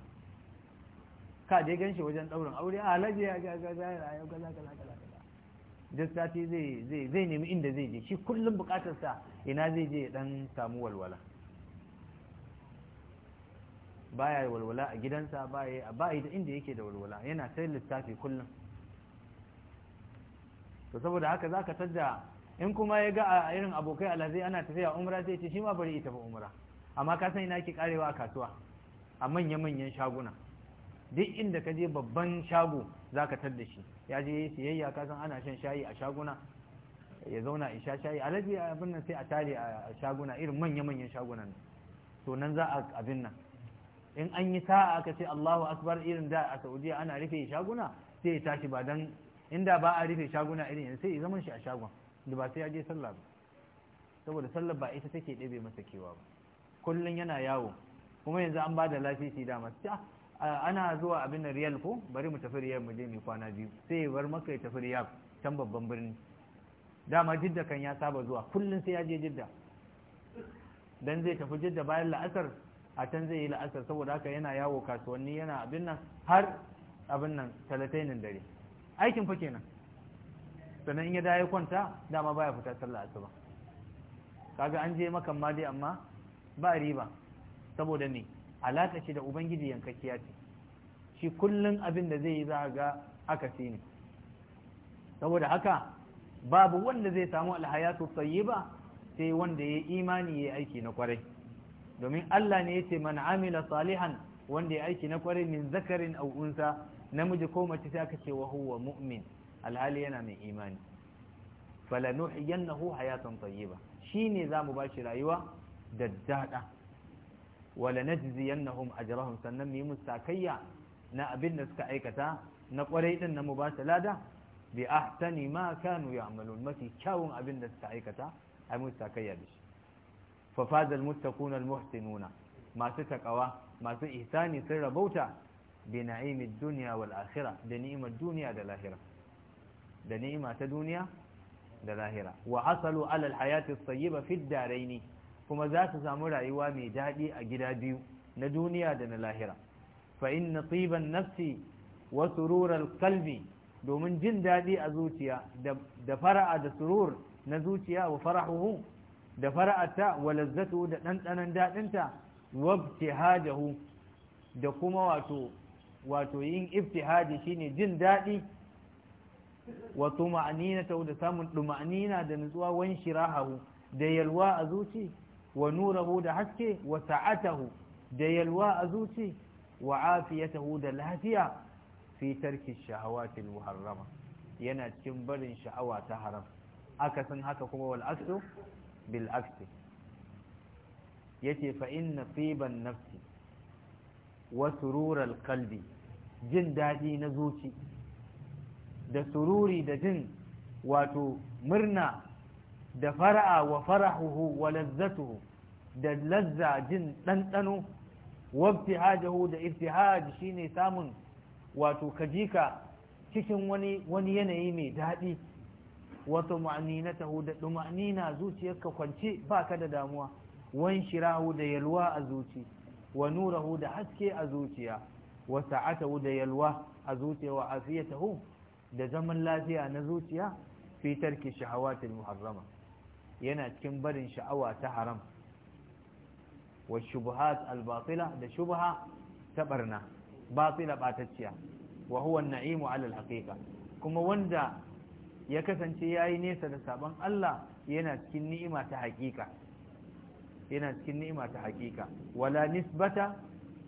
A: ka je shi wajen daurin aure a ah, halaje ya ga ga za a yau kaza kaza kaza duk zai zai zai nemi inda zai je shi kullum bukatar sa ina zai je dan samu walwala baya walwala a gidansa baya baya da inda yake da walwala yana sai lissafi kullum to saboda haka zaka tada in kuma ya ga a irin abokai alhazai ana tafiya umra zai ce shi ma bari ita ba umra amma ka san ina ke karewa a kasuwa a manya-manyan shaguna duk inda ka je babban shago zaka ka tar da shi ya je siyayya ka san ana shan shayi a shaguna ya zauna in sha shayi alaji abin nan sai a tare a shaguna irin manya-manyan shagunan to nan za a abin nan in an yi sa'a aka ce Allahu akbar irin da a Saudiya ana rufe shaguna sai ya tashi ba dan inda ba a rufe shaguna irin yanzu sai ya zama shi a shagon da ba sai ya je sallah ba saboda sallah ba ita take ɗebe masa kewa ba kullum yana yawo kuma yanzu an bada ba da masu ta ah, ana zuwa abin da riyal ko bari mu tafi riyal mu je mu kwana biyu sai ya bar maka ya tafi riyal can babban birni dama jidda kan ya saba zuwa kullum sai ya je jidda dan zai tafi jidda bayan la'asar a can zai yi la'asar saboda haka yana yawo kasuwanni yana abin nan har abin nan talatainin dare aikin fa kenan sannan in ya dawo kwanta dama baya fita sallah asuba kaga an je makan ma dai amma ba riba saboda ne alaka shi da ubangiji yankakkiya ce shi kullun abin da zai yi za ga aka ne saboda haka babu wanda zai samu alhayatu tayyiba sai wanda ya imani ya aiki na kwarai domin Allah ne yace man amila salihan wanda ya aiki na kwarai min zakarin aw unsa namiji ko mace sai aka ce wa huwa mu'min alhali yana mai imani falanuhyiyannahu hayatan tayyiba shine zamu bashi rayuwa daddada wala najziyannahum ajrahum sannan mu yi mustakayya na abin da suka aikata na kwarai din na mu ba lada bi ahsani ma kanu ya'malun mafi kyawun abin da suka aikata a mustakayya da shi fafazal fazal muhsinuna masu takawa masu ihsani sun rabauta bi na'imid dunya wal akhirah da ni'imar duniya da lahira da ni'ima ta duniya da lahira wa hasalu ala alhayati at-tayyiba fi ad kuma za su samu rayuwa mai daɗi a gida biyu na duniya da na lahira fa inna tiban nafsi wa surural qalbi domin jin daɗi a zuciya da fara'a da surur na zuciya wa farahuhu da fara'ata wa lazzatu da ɗanɗanon daɗinta wa ibtihajahu da kuma wato wato yin ibtihaji shine jin daɗi wa ta da samun duma'nina da nutsuwa wan shirahahu da yalwa a zuci wa nurahu da haske wa sa'atahu da yalwa a zuci wa afiyatahu da lafiya fi tarki shahawati muharrama yana cikin barin sha'awa ta haram san haka kuma wal aksu bil aksi yace fa inna tiban nafsi wa surur qalbi jin daɗi na zuci da sururi da jin wato murna da fara'a wa farahuhu wa lazzatuhu da lazza jin ɗanɗano Wabti ibtihajahu da ibtihaj shine samun wato kajika cikin wani wani yanayi mai daɗi wato ma'aninatahu da zuciyar zuciyarka kwance ba ka da damuwa wan shirahu da yalwa a zuci wa nurahu da haske a zuciya wa sa'atahu da yalwa a zuciya wa afiyatahu da zaman lafiya na zuciya fi tarki shahawatil muharrama yana cikin barin sha'awa ta haram wa shubuhat al-batila da shubha ta barna batila batacciya wa huwa an-na'imu 'ala al-haqiqa kuma wanda ya kasance yayi nesa da sabon Allah yana cikin ni'ima ta haƙiƙa yana cikin ni'ima ta wala nisbata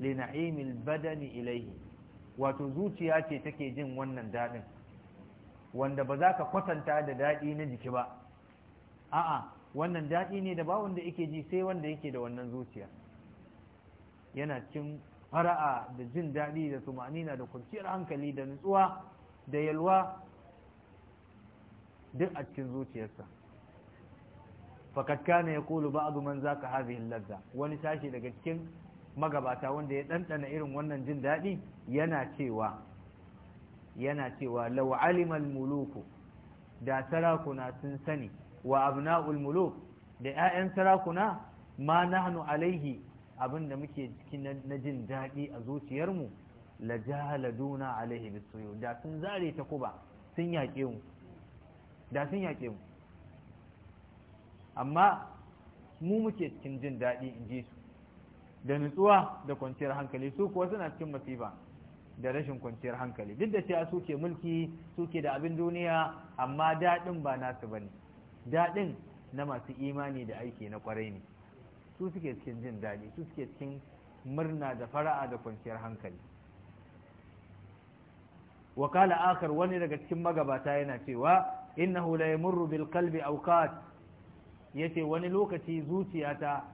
A: li na'imil badani ilayhi wato zuciya ce take jin wannan dadin wanda ba za ka kwatanta da daɗi na jiki ba a'a wannan daɗi ne da ba wanda yake ji sai wanda yake da wannan zuciya yana cin fara'a da jin daɗi da tumanina da kwanciyar hankali da nutsuwa da yalwa duk a cikin zuciyarsa fakatka na ya kulu ba'adu man ka hadhihi ladda wani sashi daga cikin magabata wanda ya ɗanɗana irin wannan jin daɗi yana cewa yana cewa law alimal muluku da sarakuna sun sani wa abna'ul muluk da 'ya'yan sarakuna ma nahnu alaihi abinda muke cikin na jin daɗi a zuciyarmu la jahaladuna alaihi bisuyu da sun zare ta kuba sun yaƙe mu da sun yaƙe mu amma mu muke cikin jin daɗi in ji su da nutsuwa da kwanciyar hankali su kuwa suna cikin masifa da rashin kwanciyar hankali duk da cewa suke mulki suke da abin duniya amma daɗin ba nasu bane daɗin na masu imani da aiki na kwarai ne su suke cikin jin daɗi su suke cikin murna da fara'a da kwanciyar hankali wakala akar wani daga cikin magabata yana cewa innahu la yamurru bil qalbi awqat yace wani lokaci zuciyata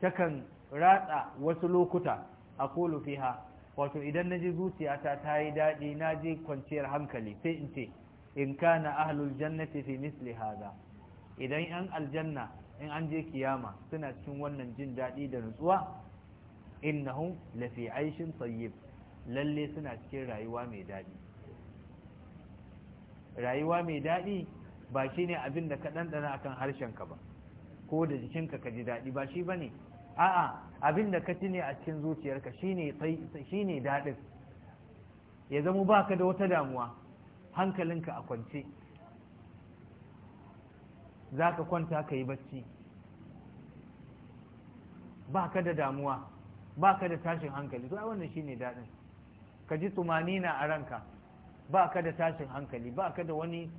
A: takan ratsa wasu lokuta a fiha wato idan na ji zuciyata ta yi daɗi na ji kwanciyar hankali sai in ce in kana ahlul jannati fi misli haza. idan yan aljanna in an je kiyama suna cikin wannan jin daɗi da nutsuwa innahum lafi aishin tayyib lalle suna cikin rayuwa mai daɗi rayuwa mai daɗi ba shine abin da ka ɗanɗana akan harshen ka ba ko da jikinka ka ji daɗi ba shi bane a'a abin da ka tuni a cikin zuciyarka shine shine daɗin ya zama baka da wata damuwa hankalinka a kwance za ka kwanta ka yi bacci baka da damuwa baka da tashin hankali to wannan shine daɗin ka ji tumanina a ranka baka da tashin hankali baka da wani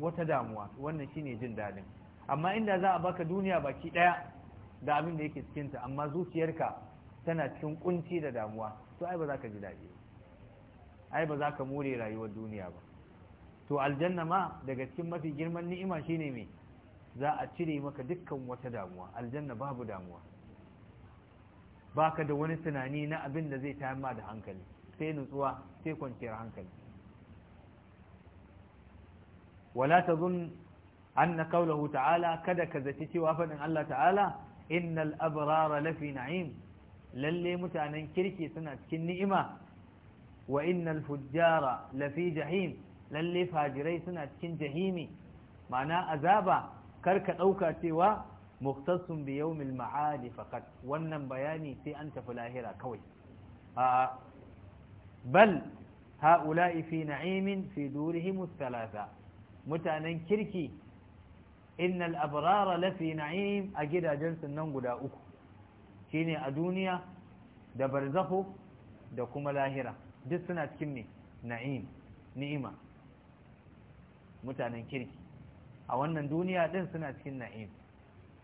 A: wata damuwa wannan shine jin daɗin amma inda za a baka duniya baki ɗaya da abin da yake cikinta amma zuciyarka tana cikin kunci da damuwa to ai ba za ka ji daɗi ai ba za ka more rayuwar duniya ba to aljanna ma daga cikin mafi girman ni'ima shine me za a cire maka dukkan wata damuwa aljanna babu damuwa baka da wani tunani na abin da zai tayar ma da hankali sai nutsuwa sai kwanciyar hankali wala tazun anna qawluhu ta'ala kada ka zaci cewa fadin Allah ta'ala innal abrara lafi na'im lalle mutanen kirki suna cikin ni'ima wa innal fujjara lafi jahim lalle fajirai suna cikin jahimi ma'ana azaba kar ka dauka cewa muktasun bi yawmil ma'adi faqat wannan bayani sai an tafi lahira kawai a bal ha'ula'i fi na'imin fi durihim mutanen kirki innal abrara lafi na'im a gidajen nan guda uku shine a duniya da barzaho da kuma lahira duk suna cikin ne na'im ni'ima mutanen kirki a wannan duniya din suna cikin na'im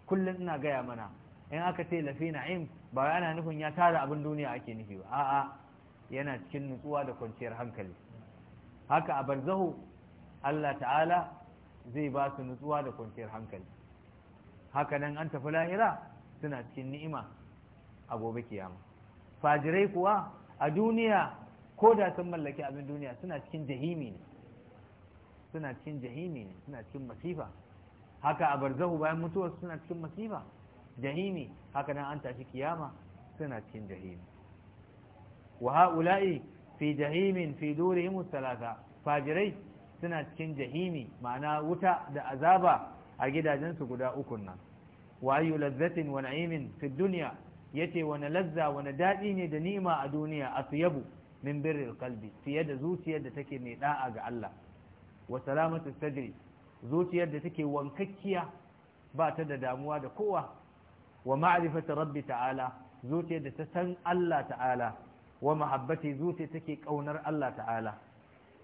A: kullum ina gaya mana in aka ce lafi na'im ba ana nufin ya tara abin duniya ake nufi ba a'a yana cikin nutsuwa da kwanciyar hankali haka a barzahu Allah ta'ala zai ba su nutsuwa da kwanciyar hankali hakanan an tafi lahira suna cikin ni'ima a gobe kiyama fajirai kuwa a duniya ko da sun mallaki abin duniya suna cikin jahimi ne suna cikin jahimi ne suna cikin masifa haka a barzahu bayan mutuwar suna cikin masifa jahimi haka nan an tafi kiyama suna cikin jahimi wa ha'ula'i fi jahimin fi durihim salasa fajirai suna cikin jahimi ma'ana wuta da azaba a gidajensu guda ukun nan wayu lazzatin wa na'imin fi dunya yace wani lazza wani daɗi ne da ni'ma a duniya atyabu min birril kalbi. fiye da zuciyar da take mai da'a ga Allah wa salamatu sadri zuciyar da take wankakkiya ba ta da damuwa da kowa wa ma'rifatu rabbi ta'ala zuciyar da ta san Allah ta'ala wa mahabbati zuciyar take kaunar Allah ta'ala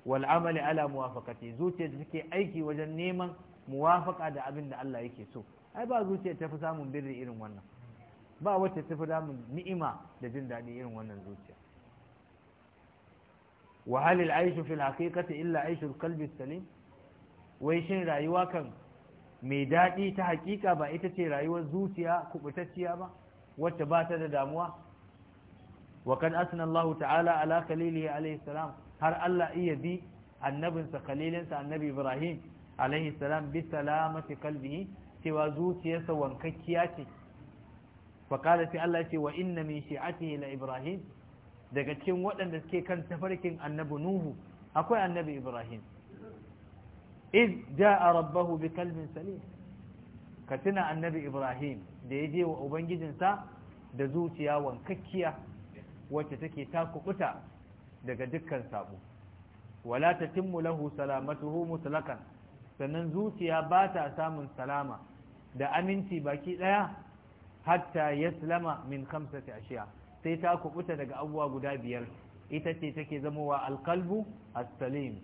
A: wal amali ala muwafaqati zuciyar da take aiki wajen neman muwafaka da abin da Allah yake so ai ba zuciya ta fi samun birri irin wannan ba wacce ta fi samun ni'ima da jin daɗi irin wannan zuciya wa halil aishu fil haqiqati illa aishul qalbi salim wai shin rayuwa kan mai daɗi ta haƙiƙa ba ita ce rayuwar zuciya kubutacciya ba wacce ba ta da damuwa wa kan ta'ala ala khalilihi alaihi har Allah iya bi annabinsa khalilinsa annabi Ibrahim alaihi salam bi salamati qalbihi cewa zuciyarsa wankakkiya ce fa qala sai Allah ce wa inna min shi'atihi la Ibrahim daga cikin waɗanda suke kan tafarkin annabi Nuhu akwai annabi Ibrahim iz a rabbahu bi kalbin salim ka tuna annabi Ibrahim da ya je wa ubangijinsa da zuciya wankakkiya wacce take ta kubuta daga dukkan sabo wala tatimmu lahu salamatuhu mutlaqan sannan zuciya ba ta samun salama da aminci baki daya hatta yaslama min khamsati ashiya sai ta kubuta daga abuwa guda biyar ita ce take zamowa alqalbu as-salim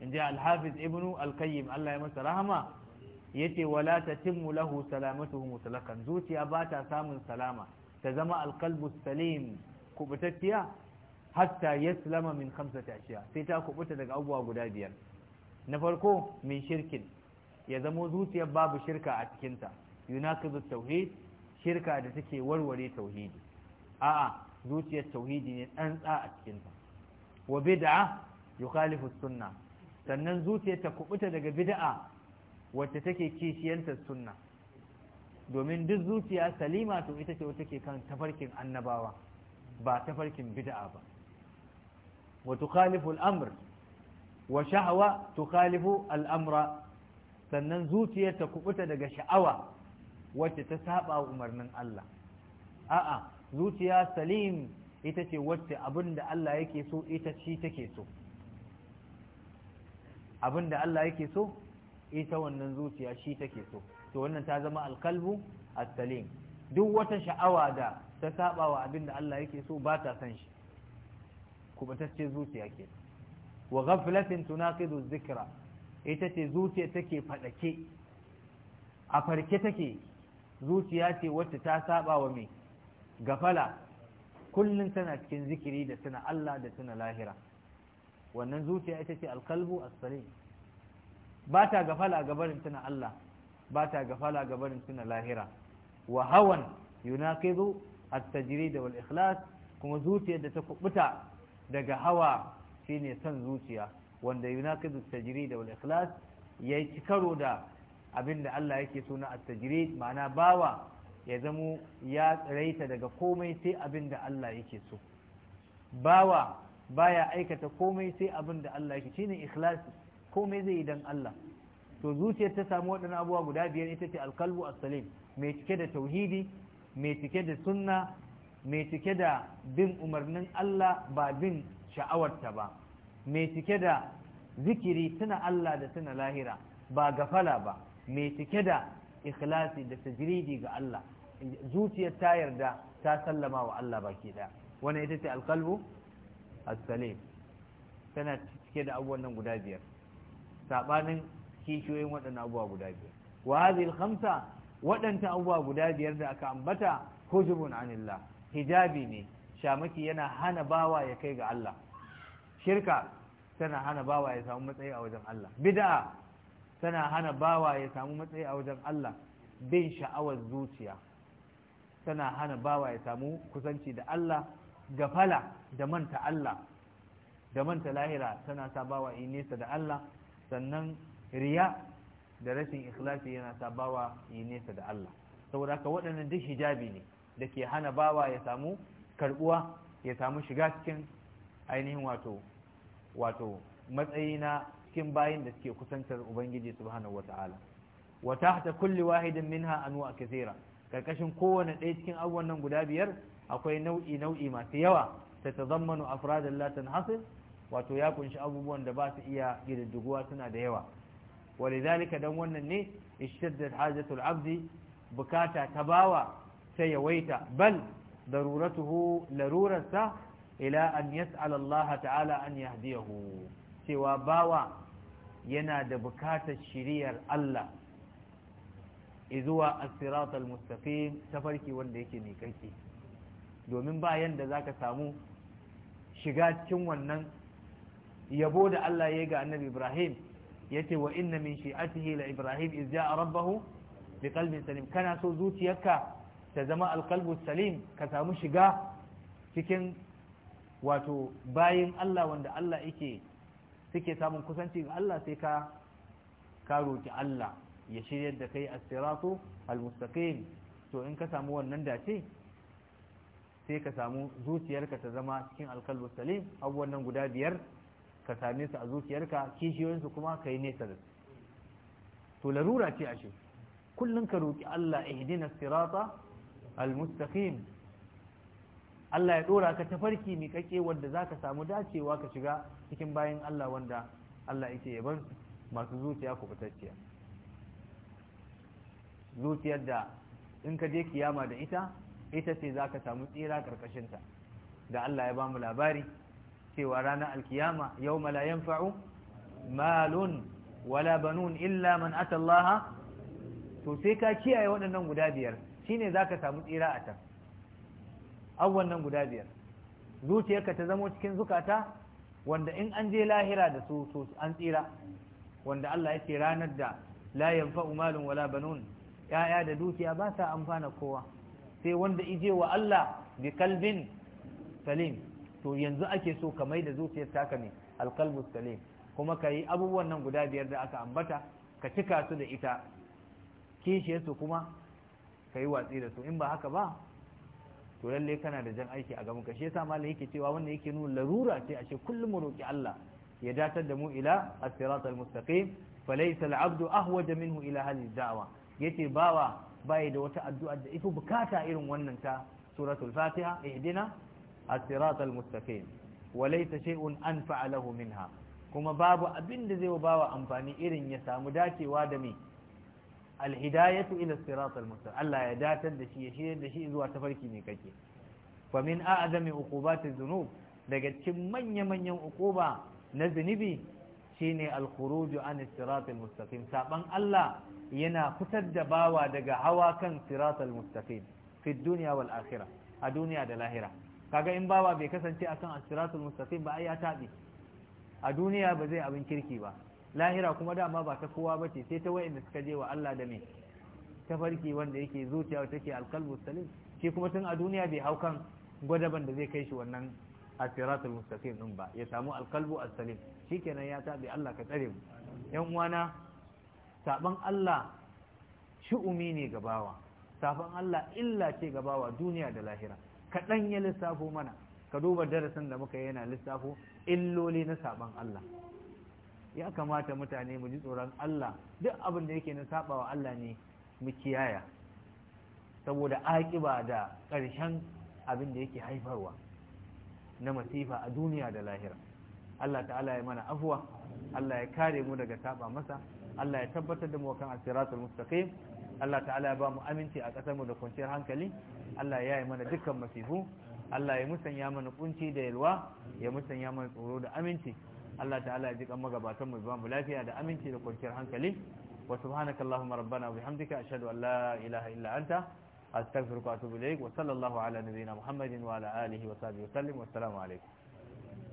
A: inji al-hafiz ibnu al-qayyim Allah ya masa rahama yace wala tatimmu lahu salamatuhu mutlaqan zuciya ba ta samun salama ta zama alkalbu salim kubutacciya hatta yaslama min khamsati ashiya sai ta kubuta daga abubuwa guda biyar na farko min shirkin ya zama zuciyar babu shirka a cikinta yunakizu tauhid shirka da take warware tauhidi a'a zuciyar tauhidi ne tsantsa a cikinta wa bid'a yukhalifu sunna sannan zuciyar ta kubuta daga bid'a wacce take kishiyanta sunna domin duk zuciya salima to ita ce wata ke kan tafarkin annabawa ba tafarkin bid'a ba wa tukhalifu al-amr wa shahwa tukhalifu al-amra sannan zuciyar ta kubuta daga sha'awa wacce ta saba umarnin Allah a'a zuciya salim ita ce wacce abinda Allah yake so ita shi take so abinda Allah yake so ita wannan zuciya shi take so to wannan ta zama alkalbu as-salim duk wata sha'awa da ta saba wa abin da Allah yake so ba ta san shi ce zuciya ke wa ghaflatin tunaqidu dhikra ita ce zuciya take fadake a farke take zuciya ce wacce ta saba wa mai gafala kullun tana cikin zikiri da tana Allah da tana lahira wannan zuciya ita ce alkalbu as-salim ba ta gafala gabarin tana Allah ba ta gafala ga barin suna lahira wa hawan yunaqidu at-tajrid wal ikhlas kuma zuciyar da ta kubuta daga hawa shine son zuciya wanda yunaqidu at-tajrid wal ikhlas yayi cikaro da abinda Allah yake so na at-tajrid ma'ana bawa ya zamo ya tsiraita daga komai sai abinda Allah yake so bawa baya aikata komai sai abinda Allah yake shine ikhlasi komai zai yi dan Allah to zuciyar ta samu waɗannan abubuwa guda biyar ita ce alkalbu as-salim mai cike da tauhidi mai cike da sunna mai cike da bin umarnin Allah ba bin sha'awarta ba mai cike da zikiri suna Allah da tuna lahira ba gafala ba mai cike da ikhlasi da tajridi ga Allah zuciyar ta yarda ta sallama wa Allah baki da wannan ita ce alkalbu as tana cike da abubuwan nan guda biyar saɓanin? kishiyoyin waɗannan abubuwa guda biyar wa hadhil khamsa waɗanta abubuwa guda biyar da aka ambata hujubun anillah hijabi ne shamaki yana hana bawa ya kai ga Allah shirka tana hana bawa ya samu matsayi a wajen Allah bid'a tana hana bawa ya samu matsayi a wajen Allah bin sha'awar zuciya tana hana bawa ya samu kusanci da Allah gafala da manta Allah da manta lahira tana sa bawa in nesa da Allah sannan riya da rashin ikhlasi yana sa bawa yi nesa da Allah saboda haka waɗannan duk hijabi ne da ke hana bawa ya samu karbuwa ya samu shiga cikin ainihin wato wato matsayi na cikin bayin da suke kusantar ubangiji subhanahu wata'ala wa tahta kulli wahidin minha anwa kathira karkashin kowane ɗaya cikin abubuwan nan guda biyar akwai nau'i nau'i masu yawa ta tazammanu afradan la hasil wato ya kunshi abubuwan da ba su iya gididdiguwa suna da yawa ولذلك dan wannan ne ishtaddat hajatul abdi bukata ta bawa sai yawaita bal daruratuhu larurarsa ila an yas'ala Allah ta'ala an yahdiyahu cewa bawa yana da bukatar shiriyar Allah izuwa as-sirat al-mustaqim tafarki wanda yake mai karki domin ba yanda zaka samu shiga cikin wannan yabo da Allah ya ga Annabi Ibrahim yace wa inna min shi'atihi la ibrahim iz ja'a rabbahu biqalbin salim kana so zuciyarka ta zama alqalbu salim ka samu shiga cikin wato bayin Allah wanda Allah yake suke samun kusanci ga Allah sai ka ka roki Allah ya shiryar da kai as-siratu al-mustaqim to in ka samu wannan dace sai ka samu zuciyarka ta zama cikin alqalbu salim abu wannan guda biyar ka same su a zuciyarka kishiyoyinsu kuma ka yi nesa da su to larura ce a ashe kullum ka roƙi Allah hidina sirata almustaqim Allah ya ɗora ka tafarki mi kake wanda zaka samu dacewa ka shiga cikin bayan Allah wanda Allah yake yabar masu zuciya ku fitacciya zuciyar da in ka je kiyama da ita ita ce zaka samu tsira karkashin ta da Allah ya bamu labari cewa ranar alkiyama yau la yanfa'u malun wala banun illa man ata to sai ka kiyaye waɗannan guda biyar shine zaka samu tsira a can awwan nan guda biyar zuciyarka ta zamo cikin zukata wanda in an je lahira da su to an tsira wanda Allah yake ranar da la yanfa'u malun wala banun ya'ya da dukiya ba sa amfana kowa sai wanda ije wa Allah bi kalbin salim to yanzu ake so ka mai da zuciyar taka ne alqalbus salim kuma ka yi abubuwan nan guda biyar da aka ambata ka cika su da ita kishiyar su kuma ka yi watsi da su in ba haka ba to lalle kana da jan aiki a gaban ka shi yasa malai yake cewa wanda yake nuna larura ce ashe kullum mu roki Allah ya datar da mu ila as-siratal mustaqim falaysa al-abdu ahwaja minhu ila hadhihi da'wa yace bawa bai da wata addu'a da ifi bukata irin wannan ta suratul fatiha ihdina A sirat al-mustaqim wa laysa shay'un anfa'a lahu kuma babu abin da zai bawa amfani irin ya samu dacewa da me al ila sirat Allah ya datar da shi ya shirye da shi zuwa tafarki ne kake fa min a'zami uqubati dhunub daga cikin manya-manyan uquba na zunubi shine al-khuruju an as-sirat al saban Allah yana fitar da bawa daga hawa kan siratal mustaqim fi dunya wal akhirah a duniya da lahira kaga in bawa bai kasance akan as-siratul mustaqim ba ai ya a duniya ba zai abin kirki ba lahira kuma dama ba ta kowa bace sai ta wayanda suka je wa Allah da me ta farki wanda yake zuciya take alqalbu salim shi kuma tun a duniya bai hau kan gwadaban da zai kai shi wannan as-siratul mustaqim din ba ya samu alqalbu as-salim shikenan ya tabi Allah ka tsare mu yan uwana saban Allah umi ne gabawa saban Allah illa ce gabawa duniya da lahira kaɗan ya lissafo mana ka duba darasin da muka yana lissafo illoli na saban Allah ya kamata mutane mu ji tsoron Allah duk abin da yake na sabawa Allah ne mu kiyaya saboda aƙiba da ƙarshen abin da yake haifarwa na masifa a duniya da lahira Allah ta'ala ya mana afuwa Allah ya kare mu daga saba masa Allah ya tabbatar da mu kan asiratul mustaqim Allah ta'ala ya ba mu aminci a ƙasar mu da kwanciyar hankali Allah ya yi mana dukkan masifu Allah ya musanya mana kunci da yalwa ya musanya mana tsoro da aminci Allah ta'ala ya ji kan magabatan mu ba mu lafiya da aminci da kwanciyar hankali wa subhanaka allahumma rabbana wa bihamdika ashhadu an la ilaha illa anta astaghfiruka wa atubu ilayk wa sallallahu ala nabiyyina muhammadin wa ala alihi wa sahbihi wa sallam wa assalamu alaikum